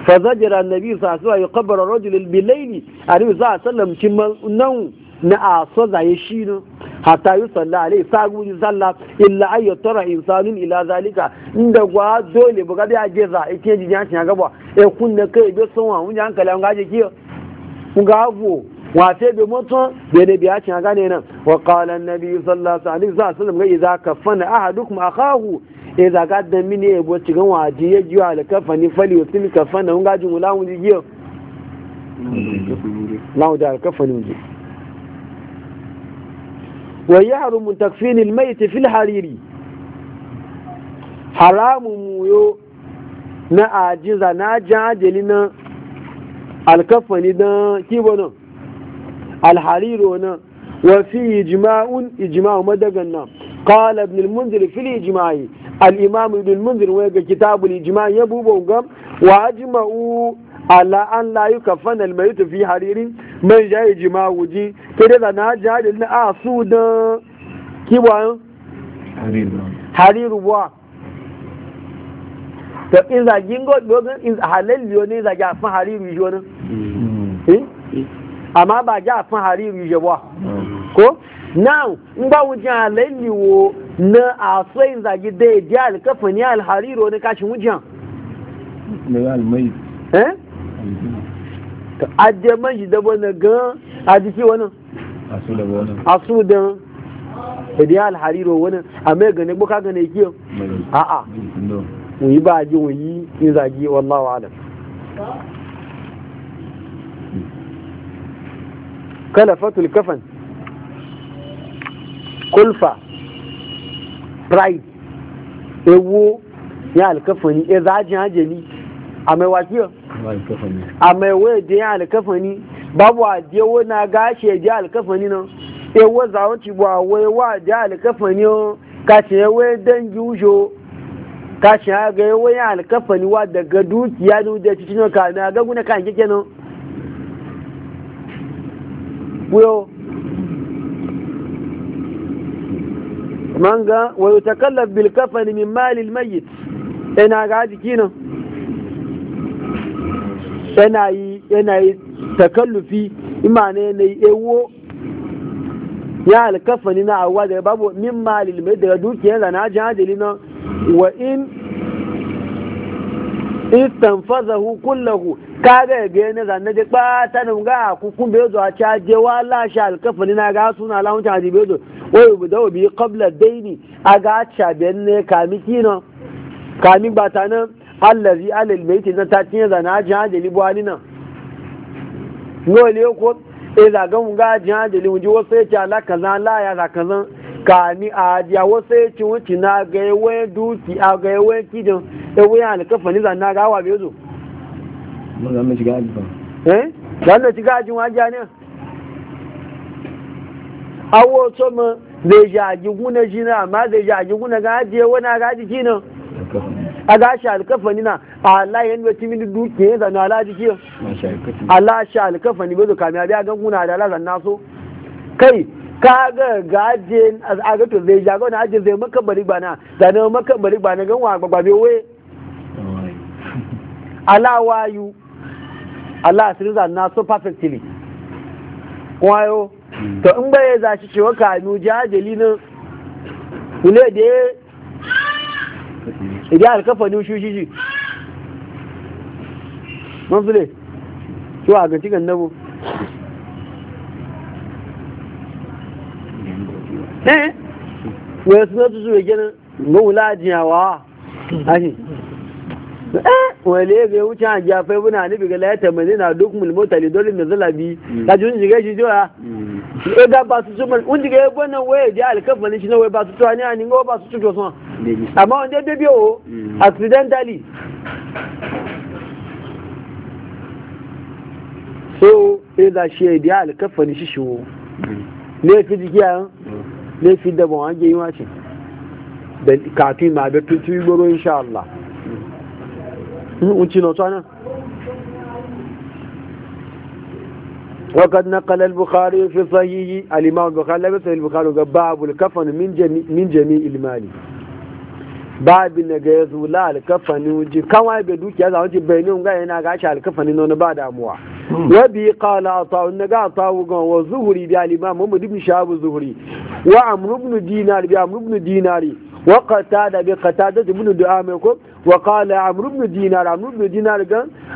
fa zajira annabi sallallahu alaihi wasallam ya rajul bil layli annabi sallallahu alaihi wasallam cikin nan na a so zaye shi no hatta yi salla alai sagu yi salla illa ay yatara insanun ila zalika inda gwa dole buga da je za a e ke jinya cin gaba e kun da kai be son wa mun hankali an gaje kiyo kun ga abu wa te be moto be ne biya cin gane nan wa qala annabi sallallahu alaihi sallam ga idza kafana ahadukum akahu e zaga da mini e bo cigan waji ya jiwa da kafani fali wa tun kafan da ngaji mu lawo ji giyo lawo da kafani mu wa yahrum takfin al mayt fi al hariri haramu muyo na ajiza na jajeli na alkafani da kibono alhariro na wa fi ijma'un ijma'u madagan nan qala ibn al munzir fi al-imam ibn munzir wani ga kitabul ijma ya bubo gam wa ajma'u ala an la yukaffana al-mayt fi haririn man ja ijma wuji to da na ja da na asu da kiwa hariru wa to in zagin go dogon in halal yo ne zagi afan hariru yo ne amma ba ga afan hariru yo ba ko now ngba wujin halal wo na a tsayin zagi dai di alkafa ni alhariro ne kashin wujan eh adde man shi dabo na gan a jiki wani asu da biya alhariro wani a mai gane buka gane kiyo a'a wuyi ba ji wuyi in zagi adam kala fatul kafan kulfa price ewo ya alkafani e za zajin hajjali a mai wakiyar a mai waya da ya alkafani babu a jewo na ga ya ji alkafani nan ewo zawanci ba wai wa ji alkafani kashin ya waya dangi ujo kashin ya ga yawa ya alkafani wa daga dukiya da wuce cikin ka na gaguna kan kike nan kuyo manga wai wa yutakallaf bil kafan min malil mayyit ina ga jiki nan yana yi yana yi takallufi ima ne yi ewo ya alkafani na awa da babu min malil mayyit daga dukiyar da na jihadili nan wa in istanfazahu kullahu kaga ga ne zanne zane ba ta nan ga kukun bezo a caje wa lashe alkafani na ga suna lawun a jibezo wai bu dawo bi qabla daini aga cha ben ne kami kino kami bata nan allazi alal baiti na tatin zana jihadi libwani nan le ko e zaga mun ga jihadi mun ji wasu ya ce ala kaza la ya zan? kaza kami a ajiya wasu ya ci wuci na ga yawe duki a ga yawe kidin yawe ya alkafa ni na gawa bezo mun ga eh? mu shiga alfa eh dan da shiga ajin wajiya ne awo to mu zai jaji guna jina amma zai jaji guna gaje wani gaji kina a gashi alkafani na Allah ya nuna timin duke ya na ala jiki Allah shi alkafani bai zo kami a biya guna da Allah na so kai ka ga gaje a ga to zai ga wani ajin zai maka bari bana na maka bari bana gan wa be we ala wayu ala sirza na so perfectly kwayo to in bai zaci cewa kanu jajali nan kule da ya idan alkafa ne shi shi man fule shi wa gaci gan nabo eh wai suna su eh, ya gina mawula jiyawa ashe wale ga wuce a jafai buna nufi ga layar tamani na duk mulmota lidolin da zalabi ta mm. jun shiga shi jiwa e ga ba su zuma wanda ga yabo nan waye je alkafa ne shi na waye ba su tuwa ne a ninga ba su tuwa son amma wanda ya biyo o hmm. accidentally so e da shi ya biya alkafa ne shi shi wo ne fi jiki a yan ne hmm. fi da ban wange yi wace da kafin ma bai tuntun gboro insha Allah. Mun ci na tsanan. وقد نقل البخاري في صحيح الإمام البخاري لبس البخاري باب الكفن من جميع من جميع المال باب النجاز ولا الكفن وجي كان كما بدوك يا وجي بينهم غير أنا غاش الكفن إنه بعد أموع وبي قال أطاع النجا أطاع وزهري بيا الإمام محمد بن شاب زهري وعمرو بن دينار بيا عمرو بن ديناري وقتادة بقتادة بن دعامكم وقال عمرو بن دينار عمرو بن دينار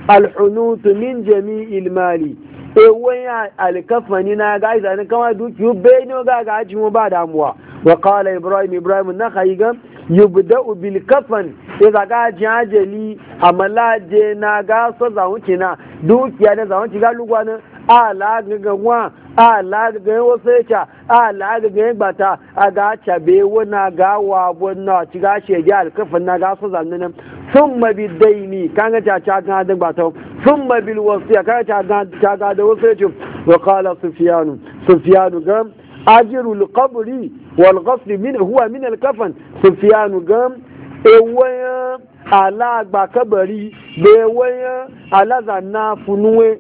قال الحنوط من جميع المال ewoyin alkafani na ga isa ne kama dukiyu bai ne ga ga ajin ba damuwa wa qala ibrahim ibrahim na khaigan yubda'u bil kafan idza ga jajali amalaje na ga so zawunci na dukiya da zawunci ga lugwa na ala ga gawa a lagagayen wasu yaca a lagagayen bata a ga cabe wuna ga wabon na ci ga shege alkafin na ga su zannin sun mabi daini kan ga caca gan adin bata sun mabi wasu ya kan ga caca gan da wasu ce wa kala sufiyanu sufiyanu ga ajiru qabri wal ghasl min huwa min alkafin sufiyanu gan ewayan ala agba kabari da ewayan ala zanna funuwe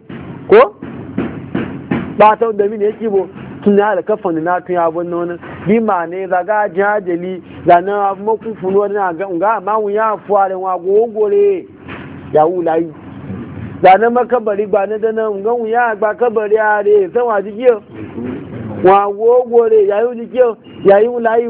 ko ba ta da mini yake bo tun ya alka fani na tun ya bunna wani bi ma ne za ga jajali za na maku funu wani na ga nga ma wu ya fuare wa gogore ya wulayi za na makabari ba na dana nga wu ya gba kabari a re san wa jikiyo wa gogore ya yi jikiyo ya yi wulayi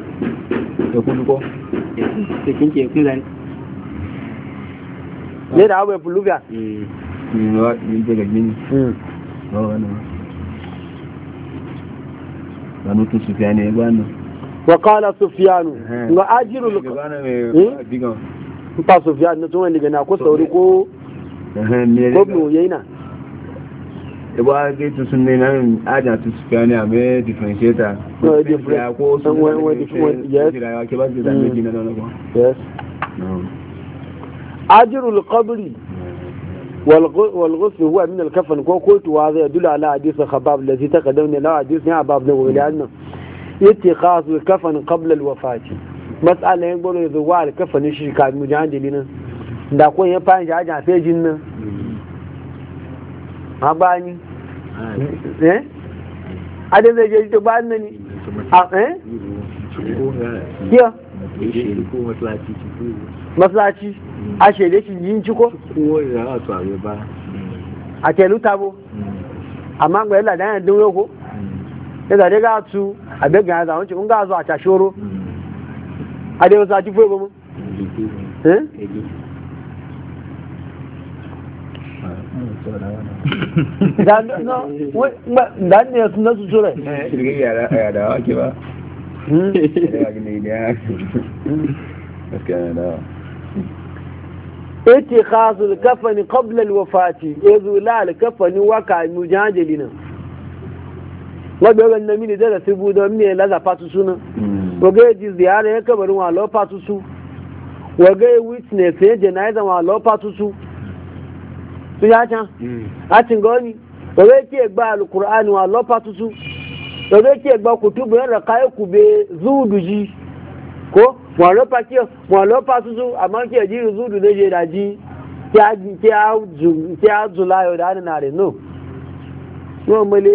da kudu ko da kin ke kun zani ne da abu ya fuluga eh ne wa yin daga gini ba wani ba nutu sufiyani ya gwanu wa kala sufiyanu ga ajiru luka ba sufiyanu tun wani gana ko sauri ko ko mu yayi na ba zai tu sun ne nan aja tu su fiya ne a mai differentiator ko differentiator والغسل هو من الكفن وقلت وهذا يدل على حديث خباب الذي تقدمنا لا حديث عباب نووي لأنه اتخاذ الكفن قبل الوفاة مسألة يقولوا يذوار الكفن يشيك يشركات مجاندلين دا كون يبان جاجع في جنة agbani eh adin ndị je ji ba nan ni a ah, eh kiyo masallaci a shede shi yin ciko a telu tabo amma ga yalla da yana dun yoko ya zare ga su ga shoro da ne sun nasu sura shirgin yara da wake ba اتخاذ الكفن قبل الوفاة يذولا الكفن وقع مجاجلنا wabewa na mini da su don mini laza fatusu na waga ya ji ziyara ya kabarin wa lo fatusu waga ya witness ya janaiza wa lo su. tó yá tán hmm. láti ngọ́ ni òwe tí ẹ gba alukur'an wa lọ́pàá tuntun òwe tí ẹ gba kùtùbù ẹ̀rọ káyọ̀ kùbẹ̀ zúùdù yìí kó wọn lọ́pàá tí wọn lọ́pàá tuntun àmọ́ kí ẹ̀ jírí zúùdù léje ìdájí tí a dùn láyọ̀ dání nàrè nù wọn mọlé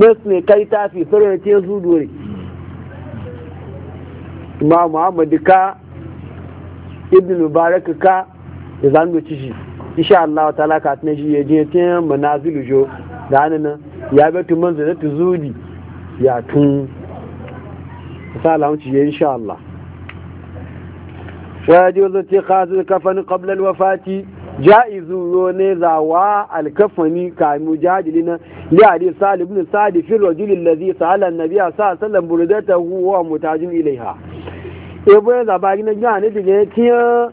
mẹsìn káyí tá a fi fẹ́rẹ̀ tí ẹ zúùdù muhammadu ibn mubarak insha Allah ta laka ta ji ya je ta manazilu jo da hannun ya ga tun manzo da tuzudi ya tun sa lawo ci insha Allah ce yajuzu tiqazul kafani Fati. alwafati jaizu zo ne wa alkafani mu jajilin li ali salim ibn sa'd fi rajul alladhi sa'ala an-nabiy sallallahu alaihi wasallam buridatahu wa mutajin ilayha ebe da ne na gani dinetin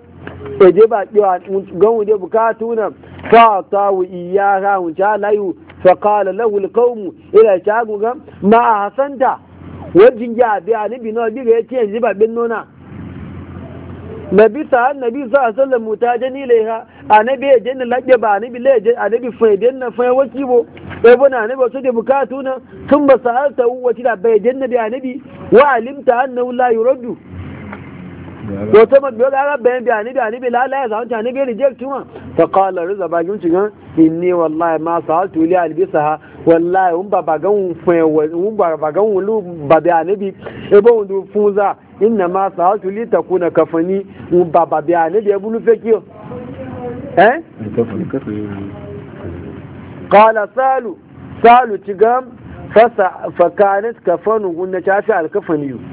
eje ba kiwa gan wuje bukatu na fa ta wu iyaha wu cha layu fa qala lahu al qawm ila cha gu ga ma hasanta wajin ya bi ani bi no bi ga ya yanzu ba bin nona nabi ta annabi sa a sallam mutajani a nabi ya janna lakke ba a nabi annabi la ya annabi fa janna fa wakibo e bona annabi so de bukatu na tun ba sa'alta wati da bai janna a nabi. wa alimta annahu yi yuraddu ko ta mabiyo da ga bayan da ni da ni bila la ya zan ta ni ga reject wa fa qala riza ba gun cigan inni wallahi ma sa'altu li albisaha wallahi un baba gan un fe un baba gan un lu baba ni bi e bo un funza inna ma sa'altu li takuna kafani un baba bi ni e bi bulu fe kiyo eh qala salu salu cigan fa kanat kafanu gunna ta fi alkafani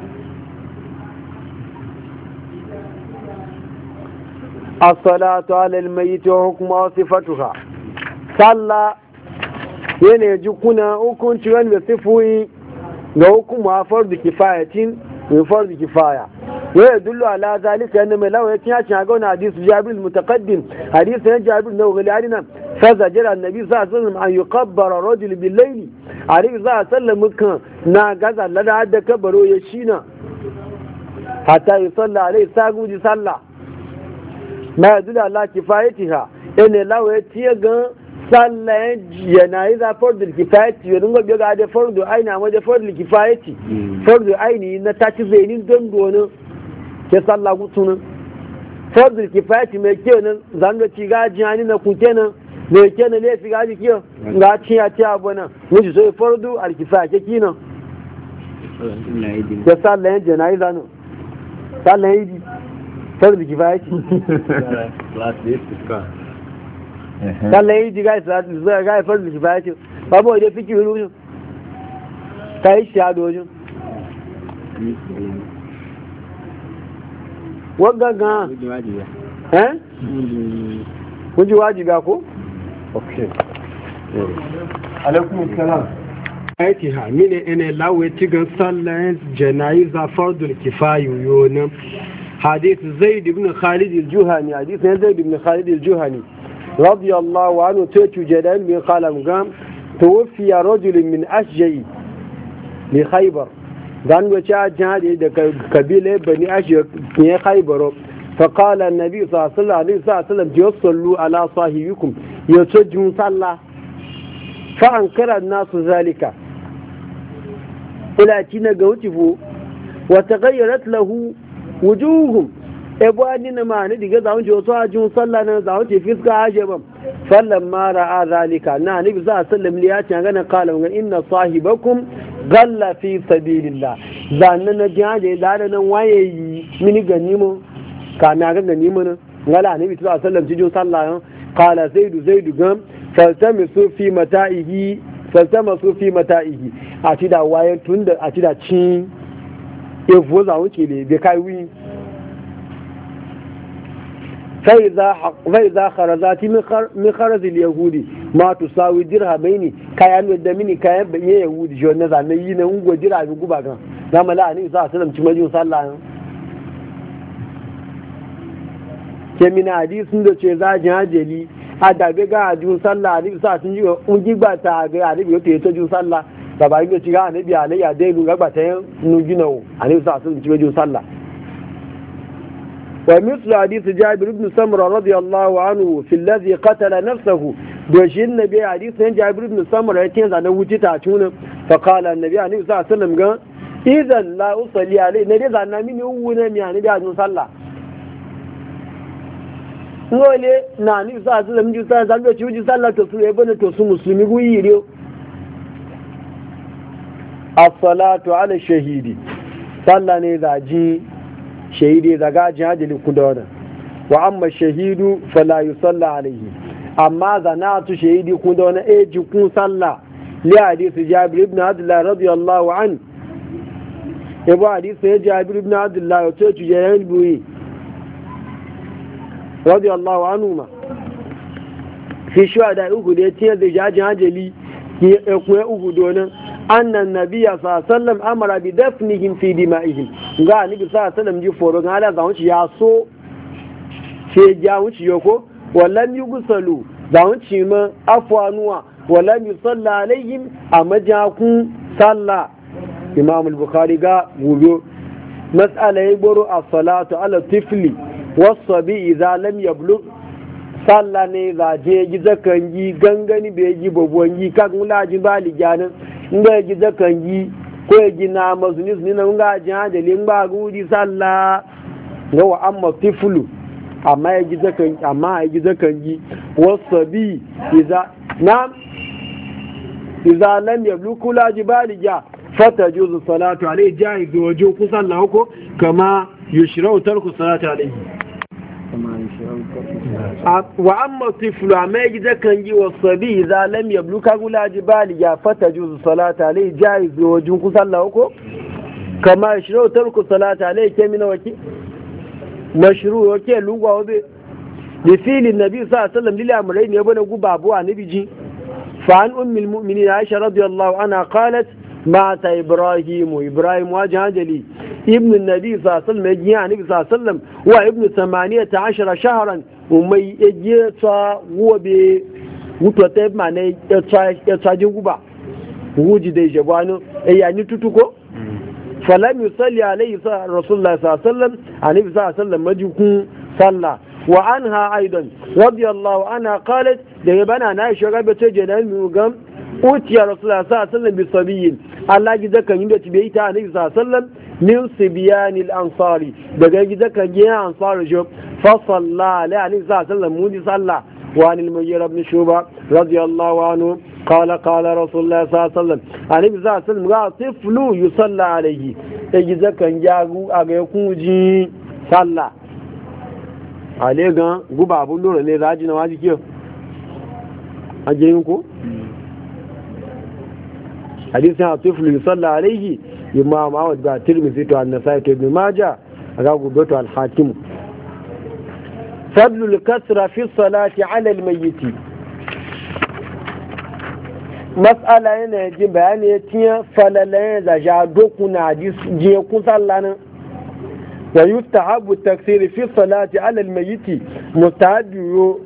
asalatu alal mayiti wa hukuma wa sifatuha salla yene jukuna hukunci wani da sifuyi ga hukuma fardu kifaya tin mai fardu kifaya yau ya dullu ala zalika yana mai lawa ya cinya cinya ga wani hadisu jabiru mutakaddin hadisu na jabiru na wuli harinan fasa jira nabi za a sallam an yi kabbara rojil bilaili a rikin za a sallam kan na gaza lada da kabbaro ya shina hatta yi salla sagu ji sallah ma yanzu da Allah ha ene lawe tiye gan sallan yana yi za fardul kifayati yanzu ga biyo ga da fardu aini amma da fardul kifayati hmm. fardu aini na ta ci nin don donin ke salla gutunan fardul kifayati mai kiyo nan zanga ci gaji hani na kuke nan mai ke nan laifi gaji kiyo ga ci ya ci abu nan wuce so fardu alkifaya ke kinan ke sallan jana'iza nan sallan yi farz kifaya ce kala yi ji gai salatu zuwa gai farz kifaya babu waje fiki ruru ta yi shi hado wajen wagagga eh kuji wajibi ko ok alaikum salam aiki ha mine ene lawe tigan sallan janayiza fardul kifayu yonan حديث زيد بن خالد الجهني حديث زيد بن خالد الجهني رضي الله عنه تيتو جلال من قال مقام توفي رجل من أشجي لخيبر قال وشاء جهاد كبيلة بني أشجي من خيبر فقال النبي صلى الله عليه وسلم يصلوا على صاحبكم يتجم صلى فأنكر الناس ذلك إلى تينا وتغيرت له wujuhum ebo na ma ni diga zaun ce wasu ajin sallah na zaun ce fiska haje ba sallan ma a zalika na ni za sallam liya ce ga na kala ga inna sahibakum galla fi sabilillah zanna na jaje da da nan waye yi mini ganimo ka na ga ganimo na ngala ni bisa sallam ci sallan sallah yan kala zaidu zaidu gam faltamisu fi mata'ihi fi mata'ihi a ci da waye tunda a ci da cin evo za wuce ne bai kai wi فإذا خرجت من خرج اليهود ما تساوي درهمين كيان ودمني كيان بني يهود جو نزا نيي نون غو درهم غبا كان نما لا ني صلى الله عليه وسلم تمجو صلى kemina hadisin da ce za jin hajjali a dabe ga jun sallah a nufi sa sun ji ungigba ta ga a nufi wata ya ta jun sallah babayi ne ti ga anabi alayhi adelu ga gbata nu gina o ani sa su ti bejo sallah wa mithlu hadith jabir ibn samra radiyallahu anhu fi alladhi qatala nafsahu da shi nabi hadith ne jabir ibn samra yake da na wuci ta tuna fa qala annabi ani sa sallam ga idan la usali alayhi ne da na mini uwu ne mi ani da jin sallah ngole na ni sa sallam ji sa zalbe ci ji sallah to su ebe ne to su musulmi guyi riyo as-salatu ala shahidi sallah ne da ji shahidi da gaji hajjali kudona wa amma shahidu fala sallah alayhi amma za na zanatu shahidi kudona e ji kun sallah li hadisi jabir ibn abdullah radiyallahu an ibu e hadisi jabir ibn abdullah ya ce yayin buyi radiyallahu anhu ma fi shuhada uku da ya tiyar da jajin hajjali ya e kuwa e uku donan annan nabiya sallam amara bi dafnihim fi ji foro ga ala zawunci ya so ce yi gusalu zawunci ma a majakun salla imam al-bukhari ga gobe mas'ala ya gboro salla ne zaje gi gangani bai gi babon gi kan laji bali nga ji e kan gi, ko ya e ji na mazuni su na nga ji hajjali gu di sallah ga wa amma tiflu amma e gi, ji amma ya ji zakan yi wasabi iza na iza lam yabluku la jibalija fata juzu salatu alayhi jaizu wajo kusallahu ko kama yushrau tarku salatu alayhi wa amma tiflu amma ya gida kan yi wa sabi za lam ya bluka gula jibali ya fata juzu salata alai jayi zuwa jinku sallah ko kama shiro tarku salata alai ke mina waki mashru ke lugwa wabe da filin na biyu sa sallam lili amurai ne bane guba abu a nabiji fa an ummul mu'minin aisha radiyallahu ana qalat mata ibrahimu ibrahimu wajen hajjali ibn nabi sallam ya giya nabi sallam wa ibn samaniya ta ashara shaharan umai ya je ta wobe wuto ta ma ne ya ta ji guba wuji da je bano ya ni tutuko falam yusalli alayhi rasulullah sallam anabi sallam majikun sallah wa anha aidan radiyallahu anha qalat da ya bana na shugaba ce janabi gam utiya rasulullah sallallahu alaihi bi sabiyin Allah gida kan yin da tibe ita annabi sallallahu alaihi min sibyanil ansari daga gida kan yin ansari jo fa sallallahu alaihi wasallam mun sallah وعن المغيرة بن شوبة رضي الله عنه قال قال رسول الله صلى الله عليه وسلم عليه الصلاة قال طفل يصلى عليه إذا كان جاغو أغيكو جي صلى عليه قال راجنا واجي كيو hadisin hatuflu sallah alaihi imam awad ba tirmidhi to an-nasai to ibn majah aga gobe to al-hakim fadlu kasra fi salati ala yi. mayyit mas'ala yana ji bayani ya tiya doku da ja dokuna je kun sallanin wa yustahabu taksiri fi salati ala al-mayyit yo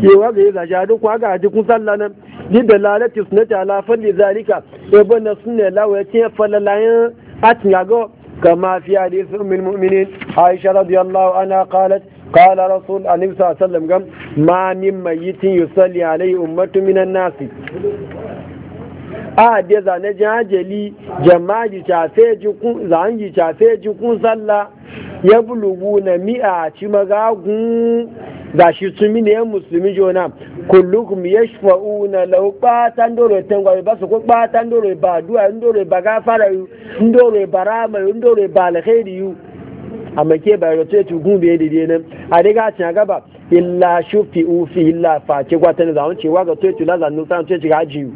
cewa ga yi zaja duk waga a jikin sallah nan ni da lalati suna ta lafar da zalika ebe na suna lawa ya ce falalayen atin yago kama fi hadisi min mu'minin aisha radiyallahu ana qalat qala rasul annabi sallallahu alaihi wasallam gam ma min mayyitin yusalli alaihi ummatu minan nasi a da zane jajali jama'a ji tafe jikun zan ji tafe jikun sallah ya bulugu na mi'a ci magagun ga shi na mini yan musulmi jona kullukum yashfa'una law qatan doro tangwa ba su ko qatan doro ba du'a ndoro ba gafara doro ba rama ndoro ba alkhairi yu amma ke ba gun de ne a de ga cin illa shufi illa fa ce gwatan ga to la zanu san ce ga jiyu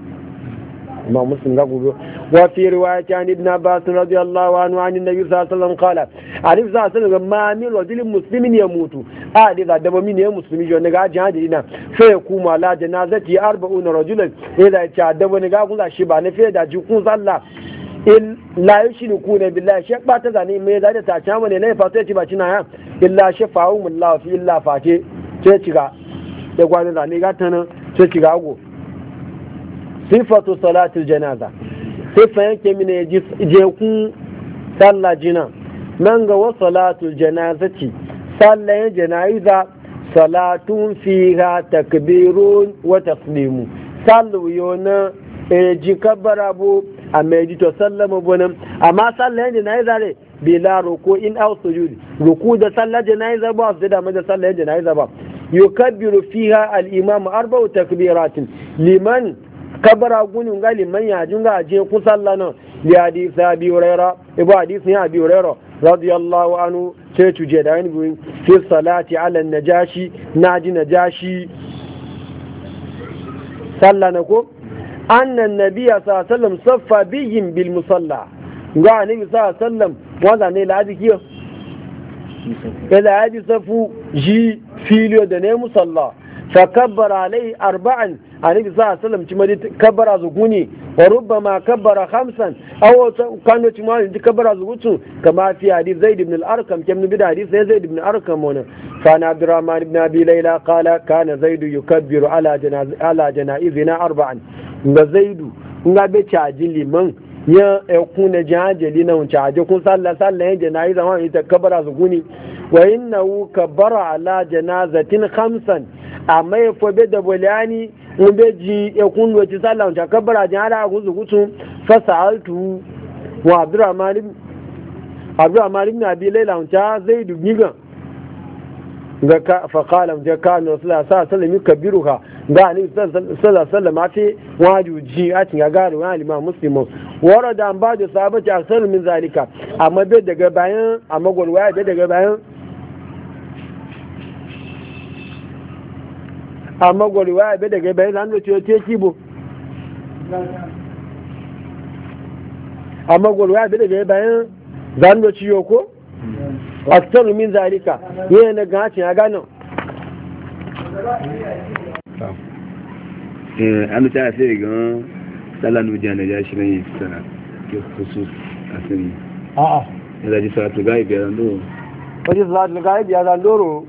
imam muslim ga gobe wa fi riwaya ta ibn abbas radiyallahu anhu an annabi sallallahu alaihi wasallam qala alif sallallahu alaihi wasallam ma min rajul muslimin yamutu a de ga da min ne muslimi jo ne ga jihad ina sai ku ma la janazati 40 rajul ida ba ba ba ya illa shafa'u min la fi illa fa ce ce ci ga da gwanin zani ga sifatu salatul janaza sifa yake mine je ku sallah jina nan ga wa salatul janazati sallah janaza salatun fiha takbirun wa taslimu sallu yona e ji kabara bu a mai to sallama bunan amma sallah janaza ne bila ruku in aw sujud ruku da sallah janaza ba su da da sallah janaza ba yukabbiru fiha al-imam arba'u takbiratin liman kabara guni ngali manya junga je kusalla no li hadisi abi hurairah ibu hadisi ya abi hurairah radiyallahu anhu sai je da ni buin fi salati ala najashi naji najashi salla na ko anna nabiyya sallallahu alaihi wasallam saffa bihim bil musalla ga nabi sallallahu alaihi wasallam wanda ne laji kiyo kada e hadisi bi safu ji filiyo da ne musalla fa kabbara alai arba'an annabi sa sallam ci mari kabbara zuguni wa rubbama kabara khamsan aw kanu ci mari ci kabbara zugutu kama fi hadith zaid ibn al-arqam kam bi hadith zaid ibn al-arqam wana fa na abdurrahman ibn abi layla qala kana zaid yukabbiru ala janaz ala janaizina arba'an ga zaidu nga be caji man. yan ekun na jihajali na wuce aje kun sallah sallah na yi zama ta kabara su guni wa na wu kabara ala janazatin hamsan a mai fobe da bolani in be ji ekun wuce sallah wuce kabara jihada a guzu fasa altu wa abdurrahman abdurrahman ibn abi laila wuce zaidu gigan ga fa qala kanu sallah mi Kabiru ha. ga ni sallallahu sallama ce waju ji a cin wa liman muslimu wara da an bada sahabati aksar min zalika amma daga bayan amma bai daga bayan amma gurwaya bai daga bayan da kibo amma gurwaya bai daga bayan zan da ciyo ko aksar min zalika yana ga cin ga Eh, amita a sai gan salanu jana ya shi nan yi sana ke kusus a sani a'a ya zaji salatu ga ibi yaran doro wajen salatu ga ibi yaran doro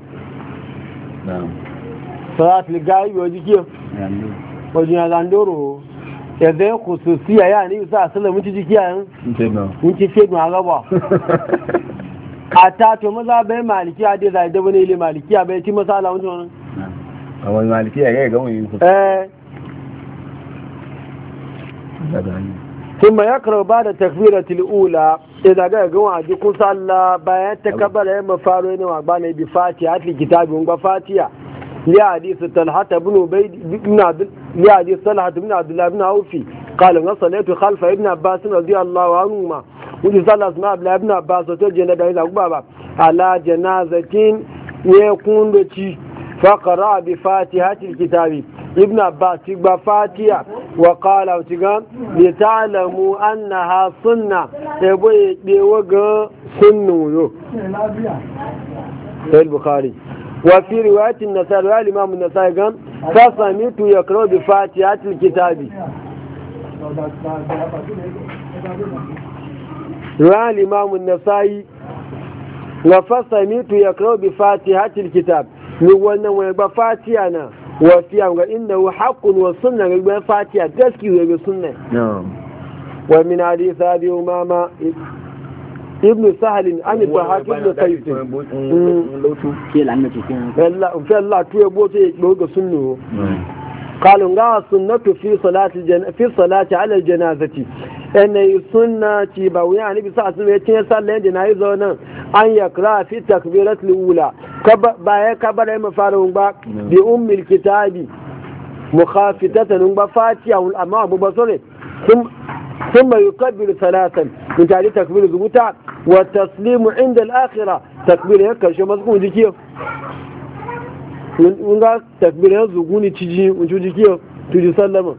salatu ga ibi wajen kiyo wajen yaran doro ya zai kususiya ya ne sa a tato maza bai malikiya dai zai dabana ile malikiya bai ci kamar maliki ya gaya gama yin hutu eh ya karo ba da takbira tilula idan ga ga wa ji kun salla bayan ta kabbala ya mafaro ne wa ba ne bi fatiha fi kitabi wa fatiha li hadith talhat ibn ubayd ibn na da ci فقرأ بفاتحة الكتاب ابن عباس تقبى فاتحة وقال وتقام لتعلموا أنها سنة يبوي بيوغ سنة البخاري وفي رواية النسائي رواية الإمام النسائي قام فسمعت يقرأ بفاتحة الكتاب رواية الإمام النسائي وفسمعت يقرأ بفاتحة الكتاب ni wannan wani ba fatiya na wasiya ga inda haqqun wa sunna ga ba fatiya gaskiya ga sunna wa min hadith abi umama ibn sahalin an ibn ibn mm. kayf Allah Allah tuye bote ga sunno قالوا غا سنة في صلاة الجن... في صلاة على الجنازة أن سنة تبوي عن النبي صلى الله عليه وسلم صلى الجنازة أن يقرأ في التكبيرة الأولى كب باي كبر ما فارون با بأم الكتاب مخافتة نبا فاتحة والأمام أبو بصري ثم ثم يكبر ثلاثا من تعالي تكبير الزبوتة والتسليم عند الآخرة تكبير هكا شو مذكور ذكيه tun takbir takbirin zugu ne ciji uncuji kiyo tuji sallama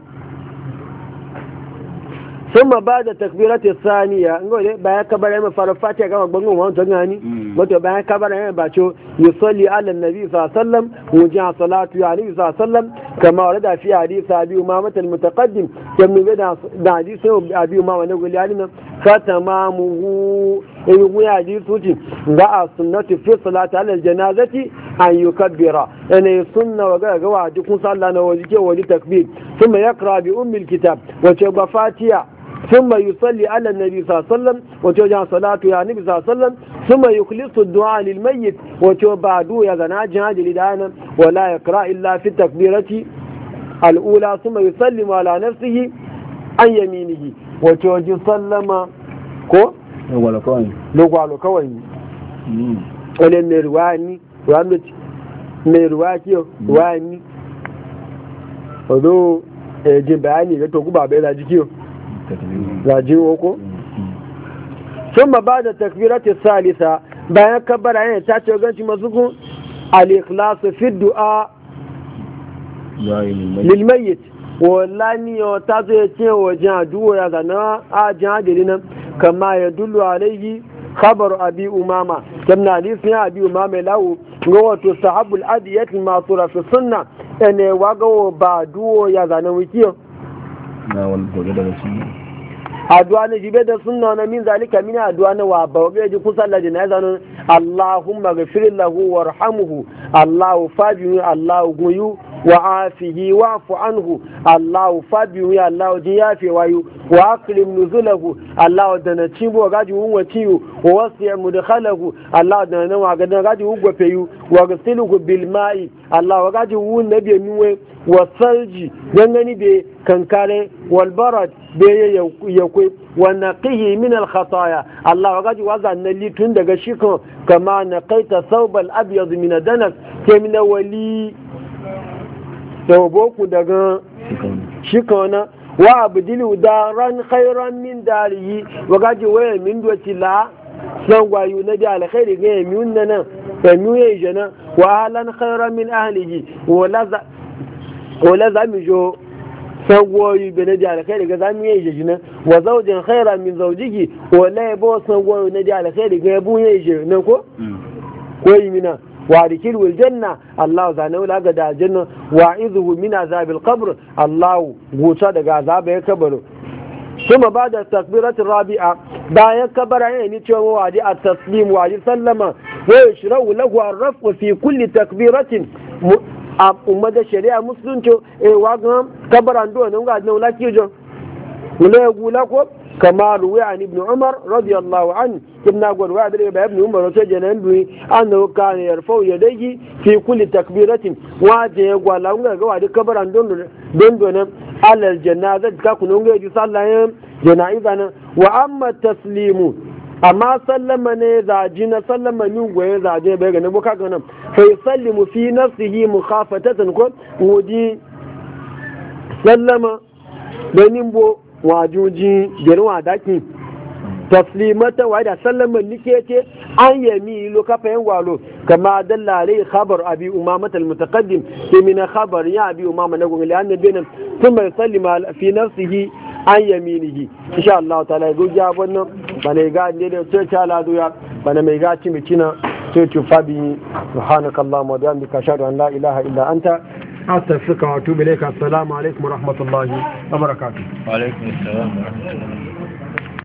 summa ba da takbirati saniya ngode ne bayan kabara ma fara fatiha gama gbangon wa tun gani wato mm. bayan kabara ba yusalli ala nabi sallam wajen salatu ya nabi sallam kama wadda fi hadisa abi umama tal mutaqaddim kam ne da hadisi abi umama ne guli alina fatamamuhu in yi hadisi ce ga a sunnati fi salati ala janazati an yukabbira yana sunna wa ga wa dukun sallah na waje ke waje takbir kuma yakra bi ummil kitab wace ba fatiha ثم يصلي على النبي صلى الله عليه وسلم وتوجع صلاته يا النبي صلى الله عليه وسلم ثم يخلص الدعاء للميت وتوبع وتوبعدو يا زناج هذه لدانا ولا يقرأ إلا في التكبيرة الأولى ثم يسلم على نفسه عن يمينه وتوجه سلم كو لقوالو كوين ولن مرواني وعملت مرواتي واني ودو جنباني لتوقع بإلى جكيو rajiwo ko sun ba ba da takbiratu salisa bayan kabbara yana ta ce ganci masu kun al-ikhlasu fi du'a lilmayit mayyit wallahi yo ta zo ya ce wajen addu'a ya zana a jan adili nan kama ya dullu alaihi khabaru abi umama kamna hadisi ya abi umama lawo ga wato sahabul adiyat masura fi sunna ene wagawo ba duwo ya zana wikiyo na wani gobe da sunna addu'a na jibe da sunna na min zalika min addu'a na wa bawge ji kusan la jina zanun allahumma ghfir lahu warhamhu allah fajihu allah guyu wa afihi wa fu anhu Allah fabiyu ya Allah ya fi wayu wa akrim nuzulahu Allah da na cibo gaji wunwa tiyu wa wasi mudkhalahu Allah da na wa gadan gaji wugwa feyu wa gasiluhu bil ma'i Allah wa gaji wun nabiye nuwe wa salji gani be kankare wal barad be yakwai wa naqihi min al khataya Allah wa gaji waza nali tun daga shikon kama naqaita thawbal abyad min danas ke min wali ku daga shikona wa abdilu daran khairan min darihi wa gaji waya min doci la san gwayu na bi alkhairi ga yamiyun nan yamiyun jana wa alan khairan min ahlihi wa la wa la san sangoyi da na jihar alkhairi ga zamu yi jina wa zaujin khairan min zawjiki wa la san sangoyi na jihar alkhairi ga bu yi jina ko mm. ko yi mina wadikil wil janna Allah za na wula ga dajin wa'izuhu min azabil qabr Allahu. wuta daga azaba ya kabaru kuma ba da takbiratu rabi'a da kabara ne ni ce wa wadi at taslim wa ji sallama wa yashrawu lahu ar-rafqu fi kulli takbiratin umma da shari'a musulunci eh wa ga kabaran do ne ga na wula kiyo mu gula ko كما روي عن ابن عمر رضي الله عنه ابن أقول وعد ابن عمر وسجن أنبوي أنه كان يرفع يديه في كل تكبيرة واجه يقول لهم قواد كبر عن دون دون على الجنازة كاكونا يجي صلى جنائزنا وأما التسليم أما سلم ne zaji na sallama min goye zaje bai ganin buka ganin sai sallimu fi nafsihi mukhafatatan ko wudi sallama wajoji garin daki taslimata wa da sallama nike ce an yami lo kafa yan walo kama dalla khabar abi umamata almutaqaddim ke min khabar ya abi umama na gungle an bin thumma yusallima fi nafsihi an yaminihi insha Allah ta'ala go ja wannan bane ga ne da ce ta ladu ya bane mai gaci ce tu fabi subhanakallahumma wa bihamdika ashhadu an la ilaha illa anta حتى الفقه واتوب إليك السلام عليكم ورحمة الله وبركاته وعليكم السلام ورحمة الله